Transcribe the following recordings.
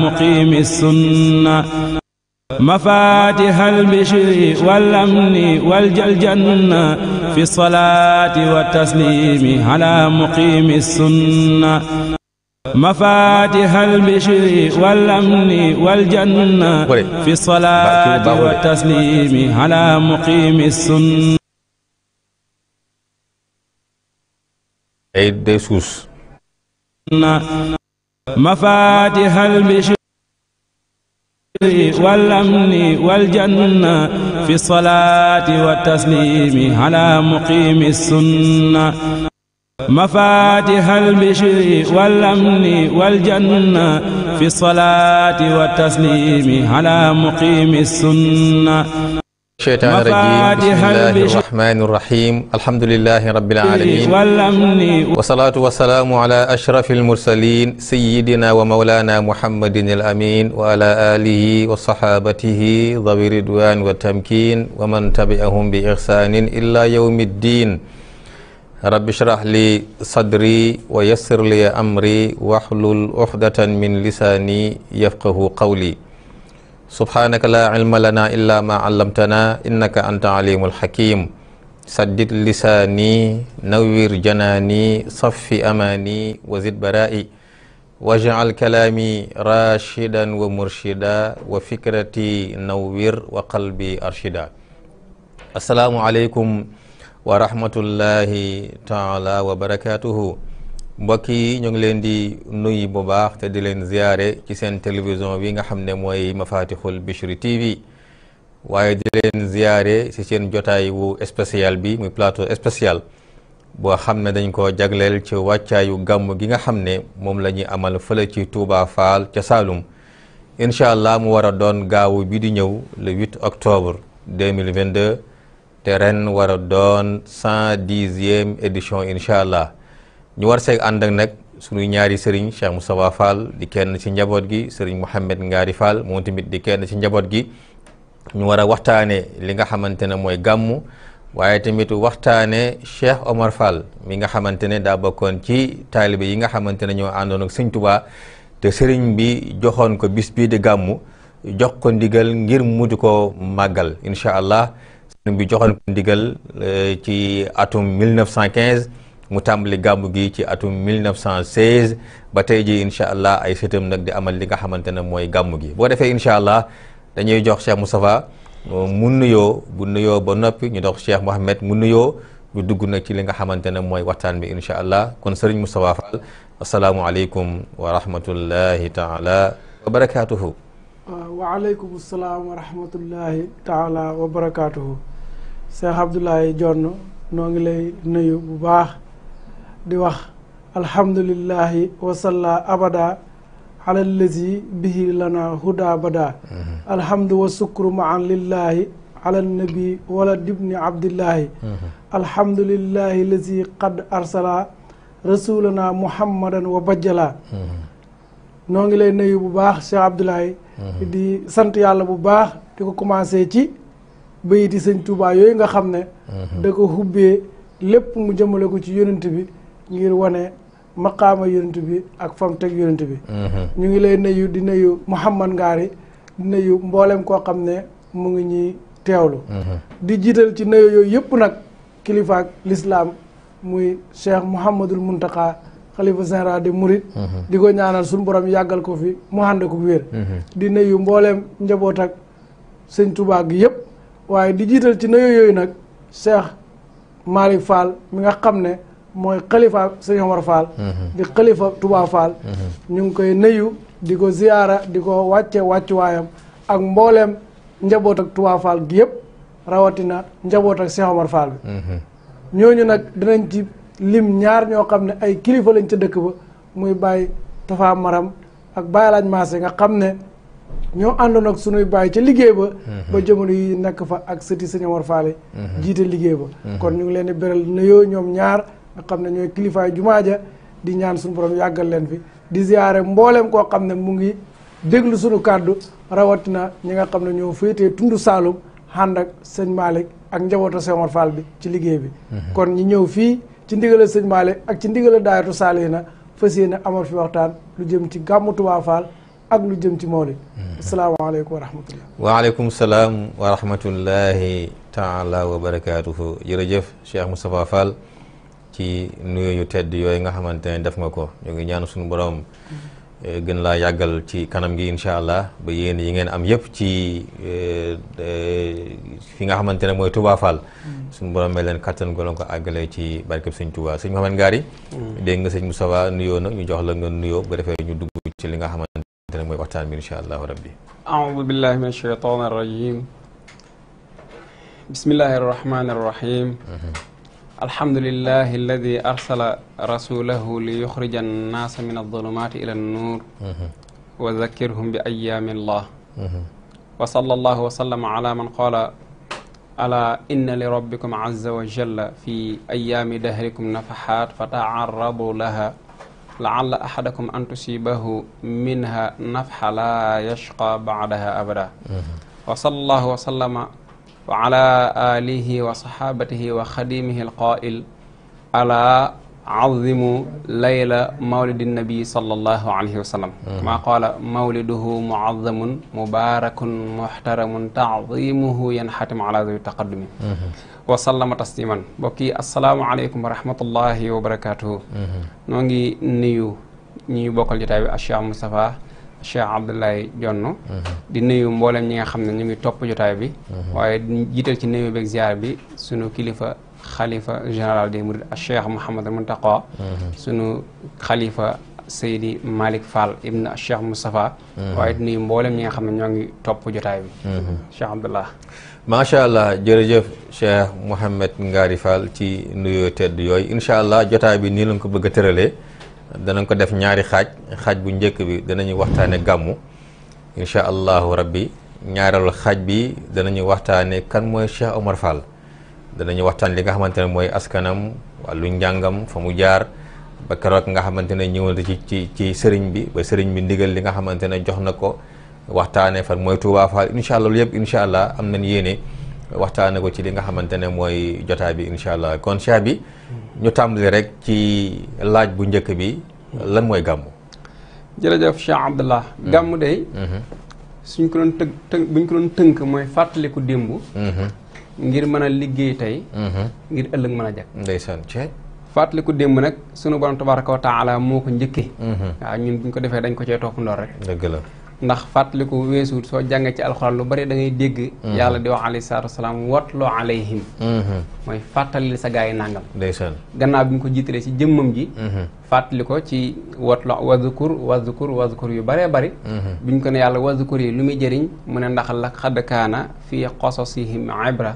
مقيم السنة مفاتح البشر والأمن والجلجنة في الصلاة والتسليم على مقيم السنة مفاتح البشر والأمن والجنة في الصلاة والتسليم على مقيم السنة عيد ديسوس نعم. مفاتح البشر والأمن والجنة في الصلاة والتسليم على مقيم السنة مفاتح البشر والأمن والجنة في الصلاة والتسليم على مقيم السنة الشيطان الرجيم بسم الله الرحمن الرحيم الحمد لله رب العالمين والصلاة والسلام على أشرف المرسلين سيدنا ومولانا محمد الأمين وعلى آله وصحابته ذوي الرضوان والتمكين ومن تبعهم بإحسان إلا يوم الدين رب اشرح لي صدري ويسر لي أمري واحلل عقدة من لساني يفقه قولي سبحانك لا علم لنا إلا ما علمتنا إنك أنت عليم الحكيم سدد لساني نوّر جناني صف أماني وزد برائي واجعل كلامي راشدا ومرشدا وفكرتي نوّر وقلبي أرشدا السلام عليكم ورحمة الله تعالى وبركاته mbokk yi ñoo ngi leen di nuyu bu baax te di leen ziyaare ci seen télévision bi nga xam ne mooy Mafatihul Bichri TV waaye di leen ziyaare ci seen jotaay wu spécial bi muy plateau spécial boo xam ne dañ ko jagleel ci wàccaayu gàmm gi nga xam ne moom la ñuy amal fële ci Touba Fall ca Saalum incha allah mu war a doon gaawu bi di ñëw le 8 octobre 2022 te ren war a doon cent dixième édition incha allah ñu war seeg ànd ak nag suñuy ñaari sëriñ Cheikh Moustapha Fall di kenn ci njaboot gi sëriñ Mouhamed Ngari Fall moom tamit di kenn ci njaboot gi ñu war a waxtaanee li nga xamante ne mooy gàmmu waaye tamit waxtaane Cheikh Omar Fall mi nga xamante ne daa bokkoon ci taalibe yi nga xamante ne ñoo àndoon ak sëñ Tuubaa te sëriñ bi joxoon ko bis bii di gàmmu jox ko ndigal ngir muti ko màggal incha allah sëriñ bi joxoon ko ndigal eh, ci atum 1915. mu tàmbali gàmmu gi ci atum 1916 ba tey ji incha allah ay sëtam nag di amal li nga xamante ne mooy gàmmu gi boo defee incha allah dañuy jox Cheikh Moustapha mu nuyoo bu nuyoo ba noppi ñu dox Cheikh Mohamed mu nuyoo ñu dugg nag ci li nga xamante ne mooy waxtaan bi incha allah kon sëriñ Moustapha Fall asalaamualeykum wa rahmatullahi taala wa barakaatuhu. waaleykum salaam wa rahmatullahi taala wa barakaatuhu. Cheikh Abdoulaye Jonn noo ngi lay nuyu bu baax. di wax alhamdulillahi wasalla abada ala lazi bihi lana huda bada mm-hmm. alhamdu wa sukru maan lillahi ala nabi wala dibni abdillahi mm-hmm. alhamdulillahi lazi qad arsala rasulana muhammadan wa bajjala mm-hmm. noo ngi lay bu baax Cheikh Abdoulaye di sant yàlla bu baax di ko commencé ci bayiti sëñ Tuubaa yooyu nga xam ne da ko mu jëmale ko ci yonent bi ngir wane maqaama yonent bi ak fam teg yonent bi mhm. ñu ngi lay nuyu di nuyu Mouhamad Ngaari di nuyu mboolem koo xam ne mu ngi ñuy teewlu mhm. di jiital ci nuyu yooyu yëpp nag kilifaak lislaam muy Cheikh Mouhamadul Muntaqa xalifa général de Mouride. Mhm. di ko ñaanal suñu borom yàggal ko fi mu ànd ko wér di nuyu mbooleem njaboot ak sëñ Tuubaa gi yëpp waaye di jiital ci nuyu yooyu nag Cheikh Malick Fall mi nga xam ne mooy xalifa sëñ Omar Fall mm-hmm. di xalifa Touba Fall mm-hmm. ñu ngi koy nuyu di ko ziyaara di ko wàcce wàccuwaayam ak mbooleem njaboot ak Touba Fall gi yëpp rawatina njaboot ak sëñ Omar Fall bi mm-hmm. ñooñu nag dinañ ci lim ñaar ñoo xam ne ay kilifa lañ ca dëkk ba muy bàyyi Tafa Maram ak bàyyi laaj maase nga xam ne ñoo àndoon ak sunuy bàyyi ca liggéey ba ba jamono yi nekk fa ak sëti sëñ Omar Fall jiite liggéey ba kon ñu ngi leen di beral nuyoo ñoom ñaar nga xam ne ñooy kilifaay jumaaja di ñaan suñu borom yàggal leen fi di ziare mboolem koo xam ne mu ngi déglu suñu kàddu rawatina ñi nga xam ne ñoo féetee tund Saalum hànd ak sëñ Malick ak njaboota Sëñ Omar Fall bi ci liggéey bi. kon ñi ñëw fii ci ndigalal sëñ Malick ak ci ndigalal daayatu yi na fas yéene amal fi waxtaan lu jëm ci gàmmu Tuubaa Fall ak lu jëm ci Mawlid. asalaamaaleykum wa rahmatulah. waaleykum salaam wa rahmatullahi taala wa barakaatuhu jërëjëf Cheikh Moustapha Fall. ci nuyo yu tedd yoy nga xamantene def nga ko ñu ngi ñaanu suñu borom mm-hmm. eh, gën la yagal ci kanam gi inshallah allah ba yeen yi ngeen am yépp ci eh, eh, fi nga xamantene moy Touba Fall mm-hmm. suñu borom may leen kattan golon ko agalé ci barkeb sëñ Touba sëñ Mouhamed Ngari mm-hmm. dégg nga señ Moustapha nuyoo nag ñu jox la nga nuyoo ba defee ñu dugg ci li nga xamantene moy waxtaan bi inshallah rabbi a'udhu billahi min alcheytan arrajim bismillahi arrahmani arrahim الحمد لله الذي أرسل رسوله ليخرج الناس من الظلمات إلى النور وذكرهم بأيام الله وصلى الله وسلم على من قال ألا إن لربكم عز وجل في أيام دهركم نفحات فتعرضوا لها لعل أحدكم أن تصيبه منها نفحة لا يشقى بعدها أبدا وصلى الله وسلم wa ala alihi wa sahabatihi wa xadimihi alqail ala azimu layla mawlidi nabi sallallahu alayhi wa sallam hmm. kama qala mawliduhu muazamun mubarakun muhtaramun taazimuhu yanxatim ala zawi taqaddumi hmm. wa sallama tasliman mbokk yi asalaamu aleykum wa rahmatullahi wa barakatuhu hmm. noo ngi nuyu ñuy bokkal jotaay bi Cheikh Moustapha Cheikh Abdoulaye Jonn di nuyu mbolam ñi nga xamne ñu ngi jotaay bi waye jiital ci nuyu bek ziar bi sunu kilifa khalifa général des mourid Cheikh Mouhamadou muntaqa sunu khalifa Seydi Malick Fall ibn Cheikh Moustapha waaye nuyu mboolem ñi nga xam ne ñoo ngi bi Cheikh Abdallah macha allah jërëjëf Cheikh Mouhamed Ngari Fall ci nuyoo tedd yooyu incha allah jotaay bi nii lañ ko bëgg danañ ko def ñaari xaaj xaaj bu njëkk bi danañu waxtaane gàmmu incha allahu rabbi ñaareelu xaaj bi dana danañu waxtaane kan mooy Cheikh Omar dana ñu waxtaan li nga xamante ne mooy askanam wàllu njàngam fa mu jaar ba keroog nga xamante ne ñëwal ci ci ci sëriñ bi ba sëriñ bi ndigal li nga xamante ne jox na ko waxtaane fan mooy Touba Fall incha allah loolu yëpp incha allah am nañ yéene waxtaane ko ci li nga xamante ne mooy jotaay bi incha allah kon Cheikh bi ñu tàmbali rek ci laaj bu njëkk bi lan mooy gàmmu jërëjëf Cheikh Abdallah hmm. gàmmu day hmm. suñ ko doon tënk buñ ko doon tënk mooy fàttaliku démb hmm. ngir mën a liggéey tey ngir ëllëg mën a jag ndeysaan fàttaliku démb nag sunu borom tabaraka wa taala moo ko njëkkee waaw ñun buñ ko defee dañ ko cee topp ndoor rek dëgg la ndax fàttaliku weesuut soo jàngee ci alxuraan lu bari da ngay dégg mm-hmm. yàlla di wax alayhi salaatu wasalaam watloo alayhim mm-hmm. mooy fàttalil sa gaa yi nàngam ndeysaan gannaaw bi ñu ko jiitalee ci jëmmam ji mm-hmm. Fatli ko ci watlo wazukur wazukur wazukur yu bare bare mhm. biñ ko ne wa wazukur yi lumi jeriñ jëriñ mu ne ndax la khad kana fi qasasihim ibra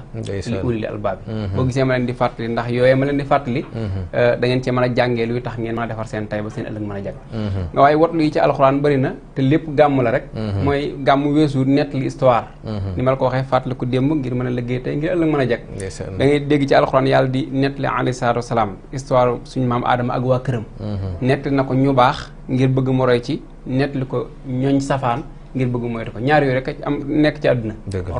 li ulil albab. bo mhm. boo gisee ma len di fatli ndax yooyee ma len di fàttali mhm. euh, da ngeen ci mën a lu tax ngeen ma defar seen tay ba seen ëllëg mën a nga way watlu yi ci alcorane bari na te lepp gamu la rek gamu gàmm net li histoire ni mal ko waxe fatli ko dem ngir mën liggéey ngir ëllëg da ngay dégg ci alcorane yalla di nettali alayhi salaatu wasalaam histoire suñu mam adam ak wa kërëm nettali na ko ñu baax ngir bëgg mu roy ci nettali ko ñooñ safaan ngir bëgg moytu ko ñaar yooyu rek am nekk ci àdduna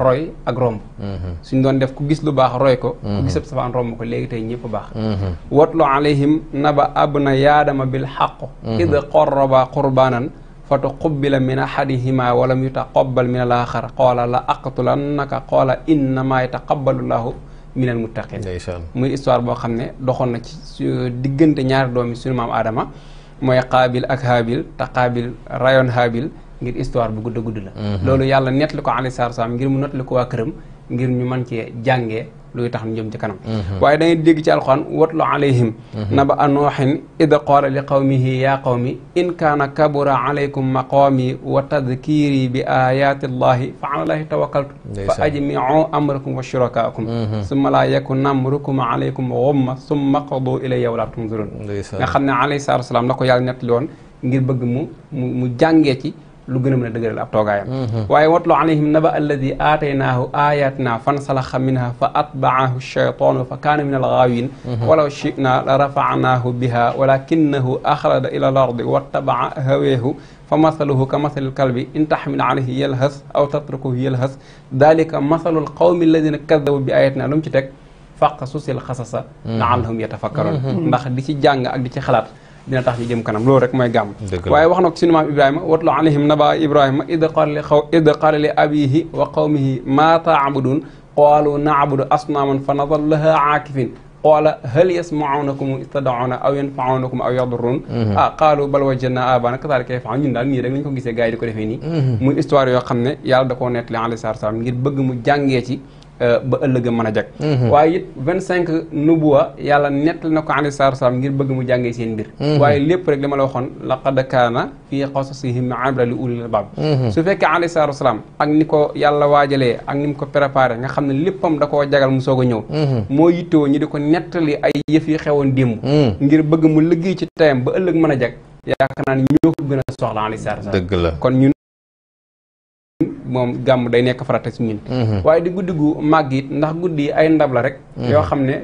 roy ak romb mm-hmm. suñ doon def ku gis lu baax roy ko ku gisab mm-hmm. safaan romb ko léegi tey ñëpp baax mm-hmm. watlu alayhim naba abna yaadama bil xaq id qorraba qurbaanan fa tuqubbila min ahadihima walam yutaqabbal min al axar qaala la la aqtulannaka qaala innama yataqabbalu llahu minal muttaqin muy histoire boo xam ne doxoon na ci diggante ñaari doomi suñu maam Adama mooy xaabil ak haabil te xaabil rayon haabil ngir histoire bu gudd a gudd la mhm. loolu yàlla nettali ko alayhi salaatu wa ngir mu nettali ko waa këram ngir ñu mën cee jàngee luy tax ñu ci kanam mhm. waaye da ngay dégg ci alxuraan watlu alayhim mhm. naba anooxin id qaala li qawmihi yaa in kaana kabura alaykum maqaami wa tadkiri bi ayaati allahi fa ala allahi fa ajmiu amrakum wa shurakaakum mhm. summa laa yakun amrukum alaykum xumma summa qadu ilayya wala tunzurun nga xam ngir bëgg mu mu ci لجنم ندقر الأبطاعية وأيوتلو الذي آتيناه آياتنا فانسلخ منها فأتبعه الشيطان فكان من الغاوين ولو شئنا لرفعناه بها ولكنه أخلد إلى الأرض واتبع هويه فمثله كمثل الكلب إن تحمل عليه يلهث أو تتركه يلهث ذلك مثل القوم الذين كذبوا بآياتنا لم تتك فقصص القصص يتفكرون dina tax ñu jëm kanam loolu rek mooy gàmm waaye wax na ko suñu maam ibrahima watlu alayhim naba ibrahima id qaala li xaw id qaala li abihi wa qawmihi maa taabudun qaalu naabudu asnaaman fa nadal laha aakifin qaala hal yasmaunakum istadauna aw yanfaunakum aw yadurun mhm. ah qaalu bal wajadna abaana kazaalika yaf'aluun ñun daal nii rek lañ ko gisee gars yi di ko defee nii mhm. muy histoire yoo xam ne yàlla da koo nettali alayhi salaatu wa salaam ngir bëgg mu jàngee ci Euh, ba ëllëg a mën a jag mhm. waaye it vingt cinq nubuwa yàlla nettal na ko alayhi salaatu wasalaam ngir bëgg mu jàngee seen mbir mhm. waaye lépp rek li ma la waxoon laqad kaana fii qasasihim ibra li ulil albab mhm. su fekkee alayhi salaatu wasalaam ak ni ko yàlla waajalee ak ni mu ko préparé nga xam ne léppam da koo jagal mu soog a ñëw moo yittoo ñi di ko nettali ay yëf yi xewoon démb ngir bëgg mu liggéey ci tayam ba ëllëg mën a jag yaakaar naa ñoo ko gën a soxla alayhi salaatu wasalaam dëgg la moom gàmm day nekk farata ci ñun mhm. waaye di guddi gu màgg it ndax guddi yi ay ndab la rek mhm. yoo xam ne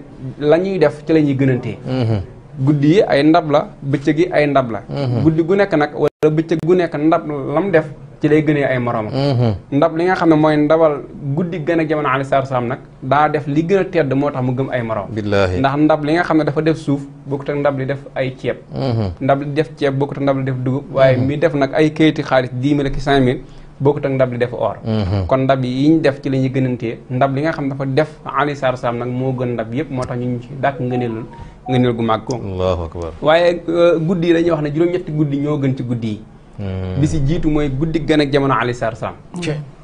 la ñuy def ci la ñuy gënantee mhm. guddi yi ay ndab la bëccëg yi ay ndab la guddi gu nekk nag wala bëccëg gu nekk ndab lam def ci lay gënee ay moroomam ndab li nga xam ne mooy ndabal guddi gën a jamono alayhi salaatu salaam nag daa li gën a moo tax mu gëm ay moroom ndax ndab li nga xam ne dafa def suuf bokkut ak ndab li def ay ceeb ndab li def ceeb bokkut ak ndab li def dugub waaye mi def nag ay kayiti xaalis dix mille ak cinq mille bokkut ak ndab li def or mm-hmm. kon ndab yi ñu def ci la ñuy gënantee ndab li nga xam dafa def aleyhi salaatu salaam nag moo gën ndab yëpp moo tax ñu ci dàkk ngëneelul ngëneel gu màgg ko waaye euh, guddi yi dañuy wax na juróom-ñetti guddi ñoo gën ci guddi yi Hmm. bi si jiitu mooy guddi gën ak jamono alayhi salaatu salaam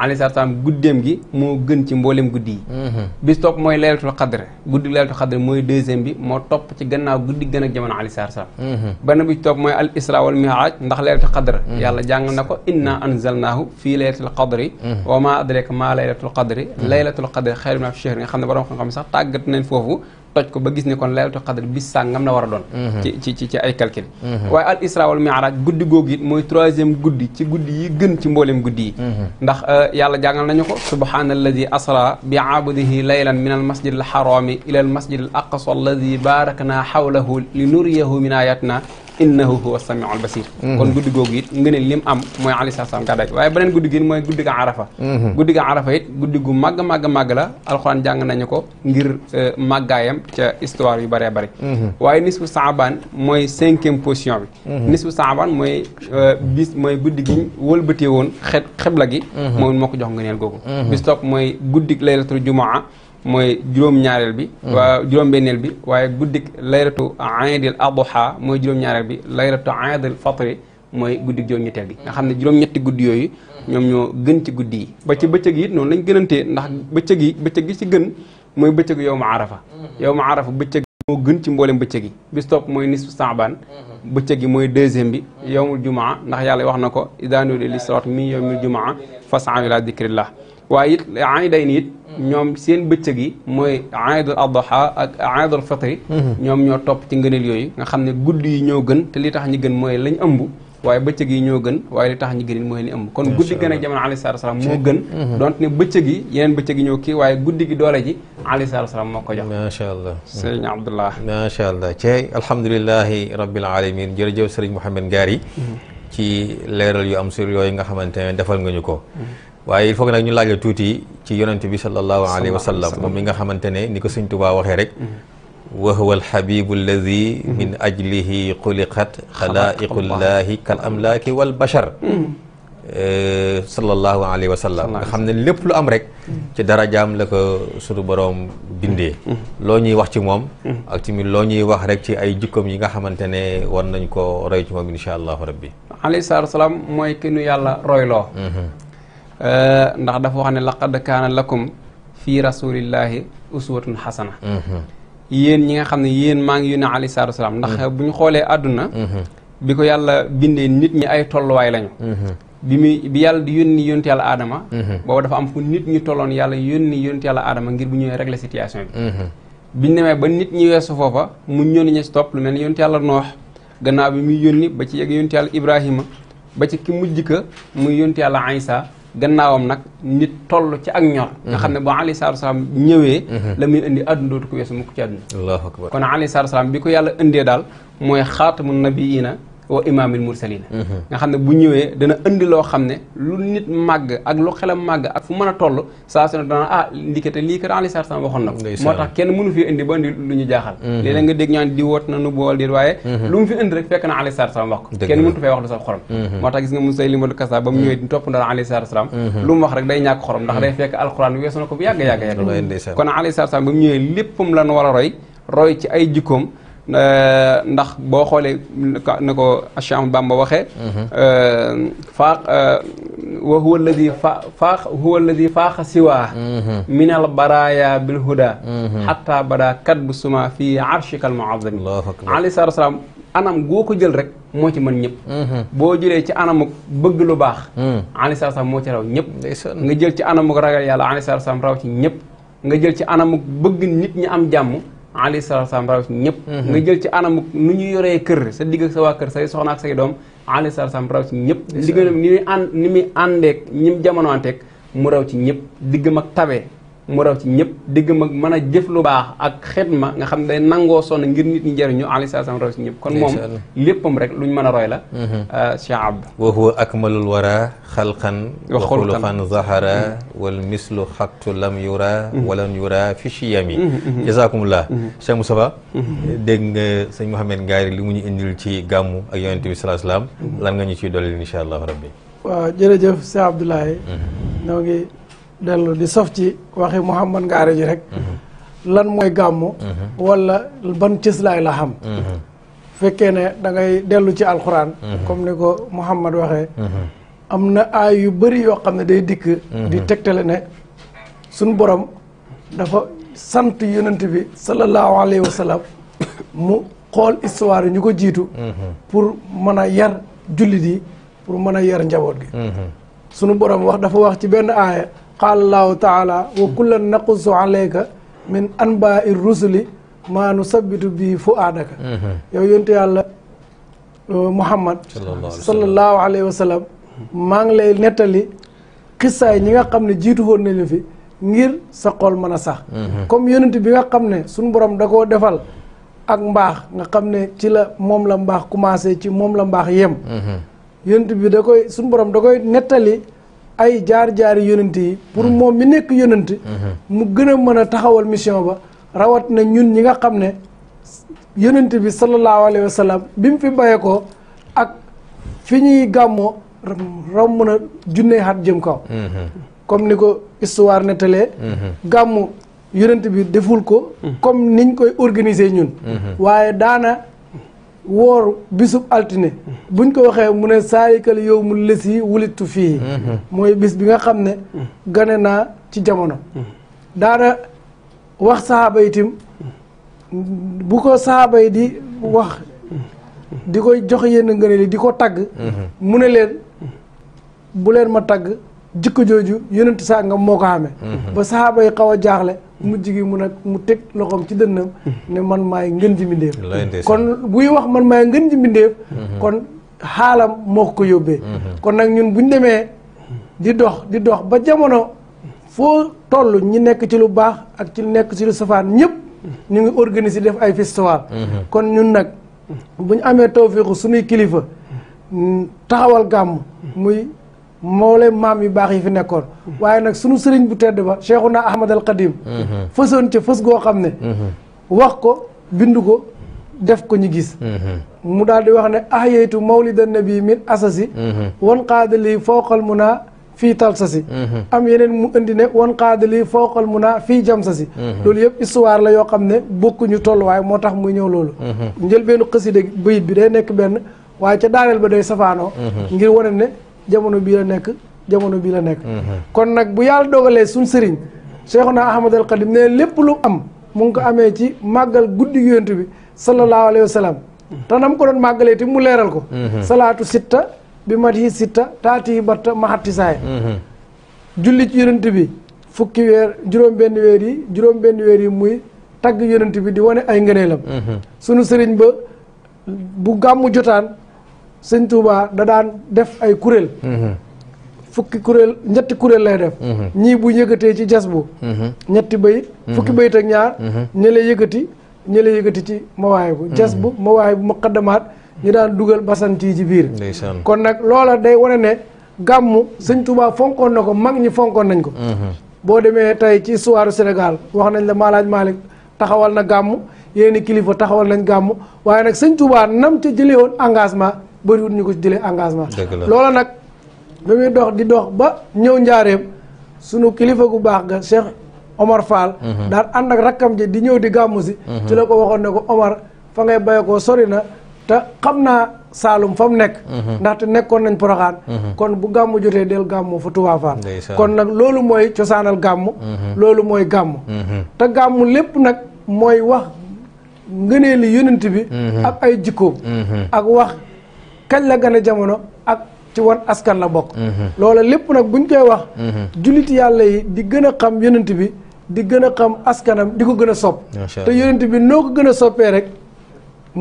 alayhi salaatu salaam guddeem gi moo gën ci mbooleem guddi yi hmm. bis topp mooy laylatul xadre guddi laylatul xadre mooy deuxième bi moo topp ci gannaaw guddi gën ak jamono alayhi salaatu salaam hmm. benn bi ci topp mooy al isra wal mi'raj ndax laylatul xadre yàlla jàng na ko inna anzalnaahu fii laylatul xadri wa maa adraka maa laylatul xadri laylatul xadre xayrun min alfi shahr nga xam ne borom xam-xam sax tàggat nañ foofu toj ko ba gis ne kon laylatul qadr bis sàngam la war a doon mhm. ci ci ci ay calcul mhm. waaye al isra wal mi'raj guddi googu it mooy troisième guddi ci guddi yi gën ci mbooleem guddi yi mhm. ndax euh, yàlla jàngal nañu ko subhaanalladi asra bi abdihi laylan min al masjid al harami ila al masjid al aqsa alladi barakna hawlahu li nuriyahu min innahu huwa samiu albasir mhm. kon guddi googu it ngëneel li mu am mooy aleyhi salaam gàddaay waaye beneen guddi gi it mooy guddi ga arafa mhm. guddi gu màgg màgg màgg la alxuraan jàng nañu ko ngir euh, màggaayam ca histoire yu bëree bëri mhm. waaye nisfu saabaan mooy cinquième position bi nisfu saabaan mooy euh, bis mooy guddi gi wëlbatee woon xet xebla gi moom moo ko jox ngëneel googu bis mooy guddi laylatul jumaa mooy juróom-ñaareel bi mm-hmm. waa juróom-benneel bi waaye guddik layratu aidil adha mooy juróom-ñaareel bi layratu aidil fatri mooy guddik juróom-ñetteel bi nga xam ne juróom-ñetti guddi yooyu ñoom ñoo gën ci guddi yi ba ci bëccëg yi noonu lañ gënantee ndax bëccëg yi bëccëg yi ci gën mooy bëccëg yow ma arafa mm-hmm. yow ma arafa bëccëg moo gën ci mboolem bëccëg yi bis topp mooy nisfu saaban mm-hmm. bëccëg yi mooy deuxième bi yowmul jumaa ndax yàlla wax na ko idaa nuudiya lis-salaati min yowmil jumaa fas'aw ilaa dikrillah waaye it aiday ni it ñoom seen bëccëg yi mooy aidul adha ak aidul fitri mhm. ñoom ñoo topp ci ngëneel yooyu nga xam ne guddi yi ñoo gën te li tax ñi gën mooy lañ ëmb waaye bëccëg yi ñoo gën waaye li tax ñi gën it mooy li ëmb kon guddi gën ak jamono alayhi salaatu salaam moo gën mhm. donte ne bëccëg yi yeneen bëccëgi yi ñoo kii waaye guddi gi doole ji alayhi salaatu salaam moo ko jox macha allah sëriñ abdullah macha allah ceey alhamdulilahi rabbil alamin jërëjëf sëriñ Mouhamed Ngaari mhm. ci leeral yu am sur yooyu nga xamante ne defal nga ko waaye il faut que nag ñu laaj tuuti ci yonent bi sallallahu alayhi wa sallam moom mi nga xamante ne ni ko Sëñ Tuubaa waxee rek mm-hmm. wa huwa alxabibu alladi mm-hmm. min ajlihi xuliqat xalaiqullahi kal amlaaki wal bachar mm-hmm. eh, sallallahu alayhi wa sallam nga xam ne lépp lu am rek ci darajaam la ko suñu boroom bindee loo ñuy wax ci moom ak tamit loo ñuy wax rek ci ay jikkoom yi nga xamante ne war nañ ko roy ci moom insha allahu rabbi mooy ki nu yàlla royloo Euh, ndax dafa wax ne laqad kaana lakum fii rasulillahi uswatun xasana mhm. yéen ñi nga xam ne yéen maa ngi yónnee alayhi salaatu wasalaam ndax mhm. bu ñu xoolee àdduna mhm. bi ko yàlla bindee nit ñi ay tolluwaay lañu bi muy bi yàlla di yónni ni yàlla aadama boobu dafa am nit ñi tolloon yàlla yónni yónti yàlla aadama ngir bu ñëwee régler situation bi biñu demee ba nit ñi weesu foofa mu ñónni ña si topp lu mel ni yónti yàlla noox gannaaw bi muy yónni ba ci yegg yónti yàlla ibrahima ba ci ki mujj ka muy yónti yàlla Aysa gannaawam nag nit toll ci ak ñor nga mhm. xam ne boo alayhi salaatu salaam ñëwee mhm. la muy indi àdduna dootu ko weesu mukk ci àdduna allahu akbar kon alayhi salaatu bi ko yàlla indee daal mooy xaatamu nabiina wa imaamil mursalina mm-hmm. loo xam ne lu nit màgg ak lu xelam màgg a toll saa su ne dana ah ndikete lii kat alayhi salaam fi indi ba indi lu ñu jaaxal mm-hmm. léeg-léeg na nu bool déet waaye mm-hmm. lu mu fi indi rek fekk na alayhi salaam wax ko kenn mënut fee wax lu saf xorom moo tax gis nga Musaylimatu Kazaab ba mu ba mu ñëwee léppam lan war a roy roy ci ay jikkoom Euh, ndax boo xoolee na ko Cheikh Bamba waxee mhm. euh, euh, wa huwa alladi fa faax huwa siwa mhm. min al baraya bil huda xatta mhm. bada kadbu suma fi arshika al muazami alayhi salatu wasalaam anam goo ko jël rek moo ci mën ñëpp boo jëlee ci anamuk bëgg lu baax alayhi salatu moo ci raw ñëpp nga jël ci anamuk ragal yàlla alayhi salatu raw ci ñëpp nga jël ci anamuk bëgg nit ñi am jàmm alayhi salaatu salaam raw ñëpp mhm. nga jël ci anam nu ñu yoree kër sa digg ak sa waa kër say soxna ak say doom alayhi salaatu salaam raw ci ñëpp digganam ni muy ànd ni muy àndeek ñim jamono anteek mu raw ci ñëpp diggam ak tabe mu raw ci ñëpp diggam ak mën a jëf lu baax ak xidma nga xam ne day nangoo sonn ngir nit ñi jëriñu alayhi salaam raw ci ñëpp kon moom léppam rek luñ mën a roy la mhm. euh, Cheikh Abd wa huwa akmalul wara xalqan wa xuluqan zahara mhm. wal mislu xaqtu lam yura mhm. walan yura fi chiyami jazakumullah Cheikh Moustapha dégg nga sëñ Mouhamed Ngaari li mu ñu indil ci gàmmu ak yonente bi salaa salaam lan nga ñu ci dolli insha allah rabbi dellu di sof ci waxi Mouhamad Ngaare ji rek mm-hmm. lan mooy gàmmu mm-hmm. wala ban cëslaay la xam mm-hmm. fekkee ne da ngay dellu ci alxuraan comme ni ko Mouhamad waxee am na aay yu bëri yoo xam ne day dikk di tegtale ne suñ borom dafa sant yonent bi sallallahu alayhi wa mu xool histoire yi ñu ko jiitu pour mën a yar jullit yi pour mën a yar njaboot gi sunu borom wax dafa wax ci benn aaya qaala allahu taala wa kullan naqusu alayka min anbaai rusuli maa nu sabitu bii fu aadaka yow yontu yàlla muhammad sallallahu alayhi wa sallam maa ngi lay nettali xisaay ñi nga xam ne jiitu woon nañu fi ngir sa xool mën a sax mhm. comme yonent bi nga xam ne suñu borom da koo defal ak mbaax nga xam ne ci la moom la mbaax commencé ci moom la mbaax yem mhm. yonent bi da koy suñu borom da koy nettali ay jaar-jaari yonent yi pour hmm. moom mi nekk yonent hmm. mu gën a mën a taxawal mission ba rawat na ñun ñi nga xam ne yonent bi sallallahu alayhi wa bi mu fi bàyyee ko ak fi ñuy gàmmoo romb na junne xat jëm kaw hmm. comme ni ko histoire nettalee gàmmu yonent bi deful ko comme niñ koy organiser ñun waaye daana woor bisub altine buñ ko waxee mu ne saalikal yow mu lës yi wulittu fii mm-hmm. mooy bis bi nga xam ne gane naa ci jamono daana wax saxaaba itim bu ko saxaaba yi di wax di koy jox yenn ngëneel yi di ko tagg mm-hmm. mu ne leen bu leen ma tagg jikko jooju yonent saa nga moo ko xamee mm-hmm. ba saxaaba yi xaw a jaaxle mu gi mu nag mu teg loxoom ci dënnam ne man maay ngën ji kon buy wax man maay ngën ji mbindéef mhm. kon xaalam moo ko yóbbee mhm. kon nag ñun buñ demee di dox di dox ba jamono foo toll ñi nekk ci lu baax ak ci lu nekk ci lu safaan ñëpp ñu ngi organiser def ay festival mhm. kon ñun nag buñ amee tawféexu suñuy kilifa taxawal gàmm muy mboolem maam yi baax yi fi nekkoon waaye nag sunu sëriñ bu tedd ba Cheikhuna Ahmad al Qadim mhm. fësoon ca fës goo xam ne mhm. wax ko bind ko def ko ñu gis mhm. mu daal di wax ne ahyaytu mawlida nabi min asasi wan qaadali fooqal mu naa fii talsasi am yeneen mu indi ne wan qaadali fooqal mu naa fii si loolu yëpp histoire la yoo xam ne bokkuñu tolluwaay moo tax muy ñëw loolu njëlbeenu xasida bayit bi day nekk benn waaye ca daaneel ba day safaanoo ngir jamono bii la nekk jamono bii la nekk. Mhm. kon nag bu yàlla dogalee suñ sëriñ Cheikhuna Ahmad al Xadim ne lépp lu am mu ngi ko amee ci màggal guddi yonent bi sallallahu alayhi wa màggalee ti mu leeral ko. Mhm. salaatu sitta bi mat yi sitta taati yi batta maxatti saay. Mhm. julli ci yonent bi fukki weer juróom-benn weer yi juróom-benn weer yi muy tagg yonent bi di wane ay ngëneelam. sunu sëriñ ba bu gàmmu jotaan. sëñ Touba da daan def ay kuréel. Mhm. fukki kuréel ñetti kuréel lay def. Mhm. ñii bu yëkkatee ci jas bu. Mhm. ñetti bayit fukki bayit ak ñaar. ña lay yëkkati ña yëkkati ci mawaay bu. jas bu mawaay bu muqaddamaat ñu daan dugal basanti ci biir. kon nag loola day wane ne gàmmu sëñ Touba fonkoon na ko mag ñi fonkoon nañ ko. boo demee tey ci histoire Sénégal wax nañ la Maalaaj Malick taxawal na gàmmu yenn kilifa taxawal nañ gàmmu waaye nag sëñ Touba nam ca jëlee woon engagement. bëriwut ñu ko ci jëlee engagement. loola nag ba muy dox di dox ba ñëw njaareem sunu kilifa gu baax ga Cheikh Omar Fall. Mhm. daan ànd ak rakkam ji di ñëw di gàmmu si. Mhm. ci ko waxoon ne ko Omar fa ngay bayee ko sori na te xam naa Saalum fa mu nekk. Mhm. ndaxte nekkoon nañ Poroxaan. kon bu gàmmu jotee del gàmmu fa Tuubaa kon nag loolu mooy cosaanal gàmmu. loolu mooy gàmmu. te gàmmu lépp nag mooy wax ngëneeli yonent bi. ak ay jikkoom. ak wax. kañ la gën a jamono ak ci wan askan la bokk mhm. loola lépp nag buñ koy wax mhm. jullit yàlla yi di gën a xam yonent bi di gën a xam askanam di ko gën a sopp te yonent bi noo ko gën a soppee rek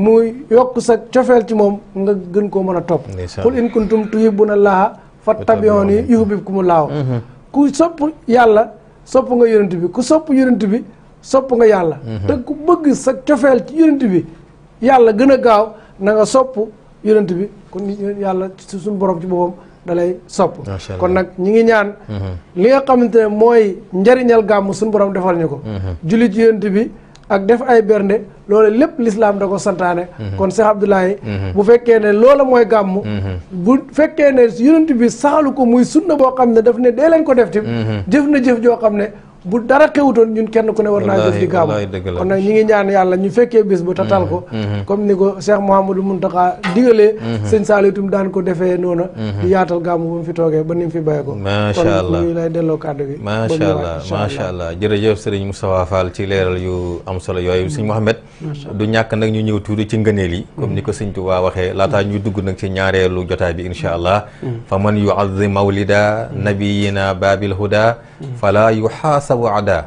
muy yokk sa cofeel ci moom nga gën koo mën a topp qul in kuntum tuhibbuna llaaha fattabi'uuni yuhbibkumu llaahu mhm. ku sopp yàlla sopp nga yonent bi ku sopp yonent bi sopp nga yàlla te ku bëgg sa cofeel ci yonent bi yàlla gën a gaaw na sopp yonent bi kon yàlla suñu borom ci boppam dalay sopp kon nag ñi ngi ñaan mhm. li nga xamante ne mooy njariñal gàmm suñu borom defal ñu ko mhm. julli ci bi ak def ay bernde loolu lépp lislaam da ko santaane mhm. kon Cheikh Abdoulaye bu fekkee ne loola mooy gàmmu bu fekkee ne yonent bi saxalu ko muy sunna boo xam ne daf ne dee leen ko def tim jëf na jëf joo xam ne bu dara xewutoon ñun kenn ku ne war naa jëf di gaamu kon nag ñi ngi ñaan yàlla ñu fekkee bis bu tatal ko mm-hmm. Mm-hmm. comme ni ko Cheikh Mouhamadou Mountakha digalee mm-hmm. sëñ Saliou itam ko defee noonu di yaatal gaamu bu mu fi toogee ba ni mu fi bàyyi ko lay delloo kàddu bi macha allah jërëjëf sëriñ Moustapha Fall ci leeral yu am solo yooyu sëñ Mouhamed du ñàkk nag ñu ñëw tuuti ci ngëneel yi comme ni ko sëñ Touba waxee laataa ñuy dugg nag ci ñaareelu jotaay bi incha allah fa man yuazzi mawlida nabiyina babil huda fala yuxaas حسبوا عدا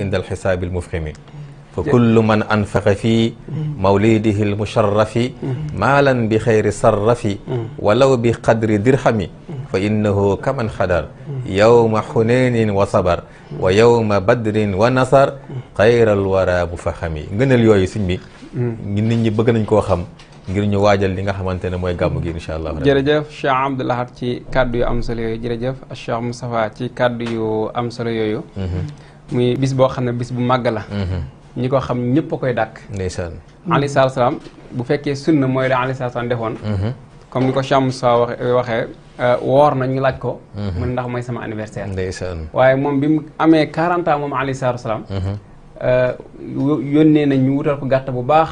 عند الحساب المفخم فكل من أنفق في مولده المشرف مالا بخير صرف ولو بقدر درهم فإنه كمن خدر يوم حنين وصبر ويوم بدر ونصر خير الورى مفخم ngënal yooyu sëñ نيت nit ñi نكو nañ ngir ñu waajal li nga xamante ne mooy gàmmu gi incha allah. jërëjëf Cheikh Abdou Lahad ci kàddu yu am solo yooyu jërëjëf Cheikh ci kàddu yu am solo yooyu. Mhm. muy bis boo xam ne bis bu màgg la. Mhm. ñi ko xam ñëpp a koy dàkk. ndeysaan. alayhi salaam bu fekkee na mooy la alayhi salaam defoon. Mhm. comme ni ko Cheikh Moustapha waxee euh, woor na ñu laaj ko. mun ndax mooy sama anniversaire. ndeysaan waaye moom bi mu amee 40 ans moom alayhi salaam. Euh, yónnee na ñu wutal ko gàtt bu baax.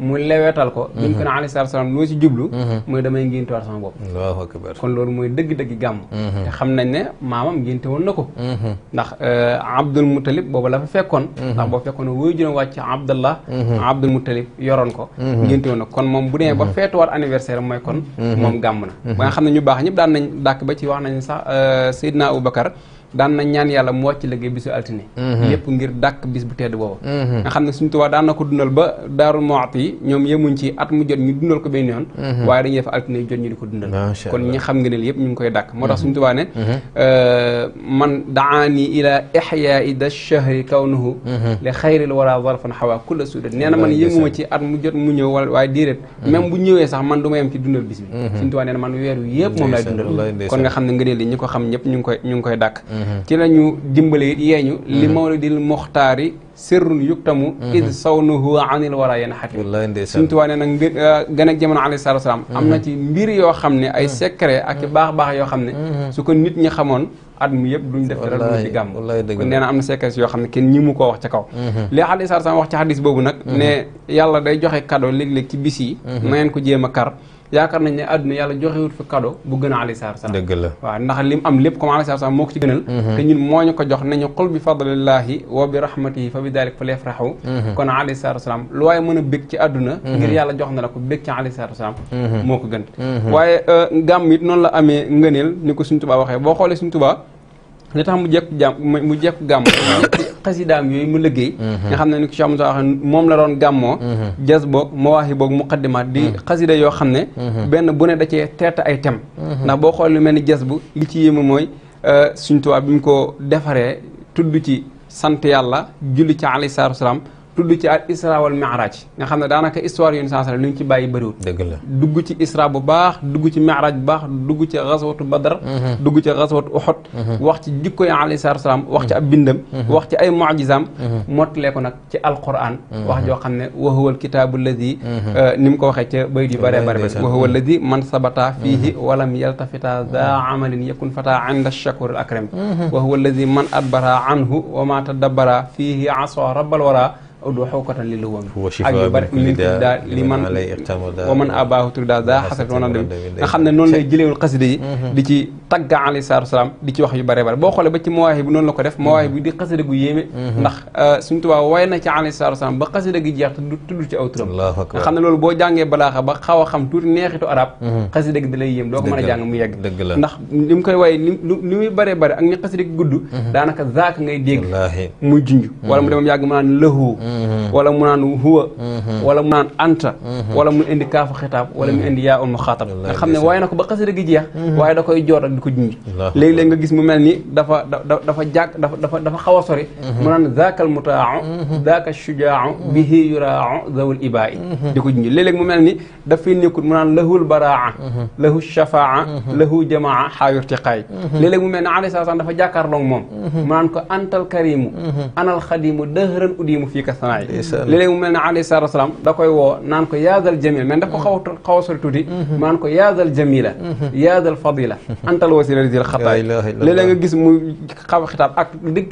mu lewetal ko duñ ko ne alayhi sa salaam loo ci jublu mhm. mooy damay ngéntewaat sama bopp allahu akbar kon loolu mooy dëgg-dëgg gàmm mhm. te xam nañ ne maamam ngénte woon na ko mhm. ndax euh, abdul mutalib boobu la fa fekkoon ndax boo fekkoon wooyu juna wàcc abdallah abdul mutalib yoroon ko ngénte woon na kon moom bu dee ba feetuwaat anniversaire mooy kon moom gàmm na ba nga xam ne ñu baax ñëpp daan nañ dàq ba ci wax nañ sax euh, Seydina Abubakar daan na ñaan yàlla mu wàcc liggéey bisu altine lépp mhm. ngir dàkk bis bu tedd boobu mhm. nga xam ne suñu tubaab daan na ko dundal ba daarul moat yi ñoom yemuñ ci at mu jot ko benn yoon mhm. waaye dañuy di ko dundal kon ñi xam ngi koy dàkk moo tax suñu tubaab euh, ila ixyaai da chahri kawnuhu li xayril mu jot mu ñëw wala waaye déedéet même bu ñëwee sax man du yem ci dundal bis bi suñu nee na man weer wi moom laay dundal kon nga xam ne ngëneel yi ñi ko xam ñëpp ñu koy ñu ngi koy dàkk Mhm. ci la ñu dimbale it yee ñu li mhm. mawlidil muxtaari sirrun yuktamu mhm. id sawnuhu anil wara yeen xakim suñu tuwaa ne nag gën ak jamono alayhi salaatu wasalaam am na ci mbir yoo xam ne ay secret ak baax-baax yoo xam ne su ko nit ñi xamoon at mi yëpp duñ def dara lu ci gàmm kon nee am na secret yoo xam ne kenn ñi mu ko wax ca kaw li alayhi salaatu wasalaam wax ci xadis boobu nag ne yàlla day joxe cadeau léeg-léeg ci bis yi na ngeen ko jéem a kar yaakaar nañ ne àdduna yàlla joxewut fi cadeau bu gën a Alioune Sarr Sarr dëgg la waaw ndax li mu am lépp comme Alioune Sarr Sarr moo ko ci gënal te ñun moo ñu ko jox nañu qul bi fadlillahi wa bi rahmatihi fa bi dalik fa leefraxu kon Alioune Sarr Sarr lu waaye mën a bég ci àdduna ngir yàlla jox na la ko bég ci Alioune Sarr Sarr moo ko gën waaye gàmm it noonu la amee ngëneel ni ko suñ tubaa waxee boo xoolee suñ tubaa li tax mu jekku jàmm mu jekku gàmmu xasidaam yooyu mu liggéey mm-hmm. nga xam ne ni ko Cheikh Moussa waxee moom la doon gàmmoo mm-hmm. jas boog mawaahi boog muqaddimaat di mm-hmm. xasida yoo xam ne benn bu ne da cee traité ay thème ndax boo xool lu mel ni jas bu li ci yéeme mooy euh, suñ tubaab bi mu ko defaree tudd ci sant yàlla julli ca alayhi salaatu wa salaam tudd ci al isra wal miraaj nga xam ne daanaka histoire yun sansala lu ñu ci bàyyi bëriwut dëgg la dugg ci isra bu baax dugg ci miraaj bu baax dugg ci xaswatu badar mhm. dugg ci xaswatu uxot mhm. wax ci jikko yi alayhi salaatu salaam wax ci ab mhm. bindam wax ci ay mucjisaam mottalee ci alquran wax joo xam ne wa huwa al kitaabu alladi euh, ni mu ko waxee ca bayt yu bëree bëri wa huwa man sabata fiihi walam yaltafita daa amalin yakun fata inda shakur al akram wa huwa alladi man adbara anhu wa ma tadabbara fiihi asa rabbal wara ak wa man abaahu turda daa xasat wana dem nga xam ne noonu lay jëleewul xasida yi di ci tagg alayhi salaatu salaam di ci wax yu bare bare boo xoolee ba ci la ko def mawaahi bi di xasida gu yéeme ndax suñu tubaab ba xasida gi jeex xam a xam tuuti neexitu arab xasida gi da lay yéem doo ko mën a jàng mu yegg ndax li koy waaye li bare bare ak ni xasida gi gudd daanaka zaak ngay dégg muy junj wala mu demam yàgg maanaam lëhoo Mm-hmm. wala mu naan huwa mm-hmm. wala mu naan anta mm-hmm. wala mu indi kaafu xitaab wala mu indi yaa ul mu xaatab nga xam ne waaye na ko ba xasida gi jeex waaye da koy joor ak di ko junj léegi-léeg nga gis mu mel ni dafa dafa jàkk dafa dafa xaw a sori mu naan zaakal mutaacu zaaka shujaau bihi yuraacu zawul ibaayi di ko junj léeg-léeg mu mel ni dafay nekkul mu naan lahul baraa lahu shafaa lahu jamaa xaayurti qaay léeg-léeg mu mel ni alayhi salaam dafa jàkkaarloog moom mu naan ko antal karimu anal xadimu dëhëran udimu fii ka الصناعي للي يملنا عليه سار السلام ده كوي هو نان كوي هذا الجميل من ده كوي خو خو سرتودي ما نان كوي هذا الجميلة هذا الفضيلة أنت الوسيلة دي الخطأ للي يجلس مو خاب خطاب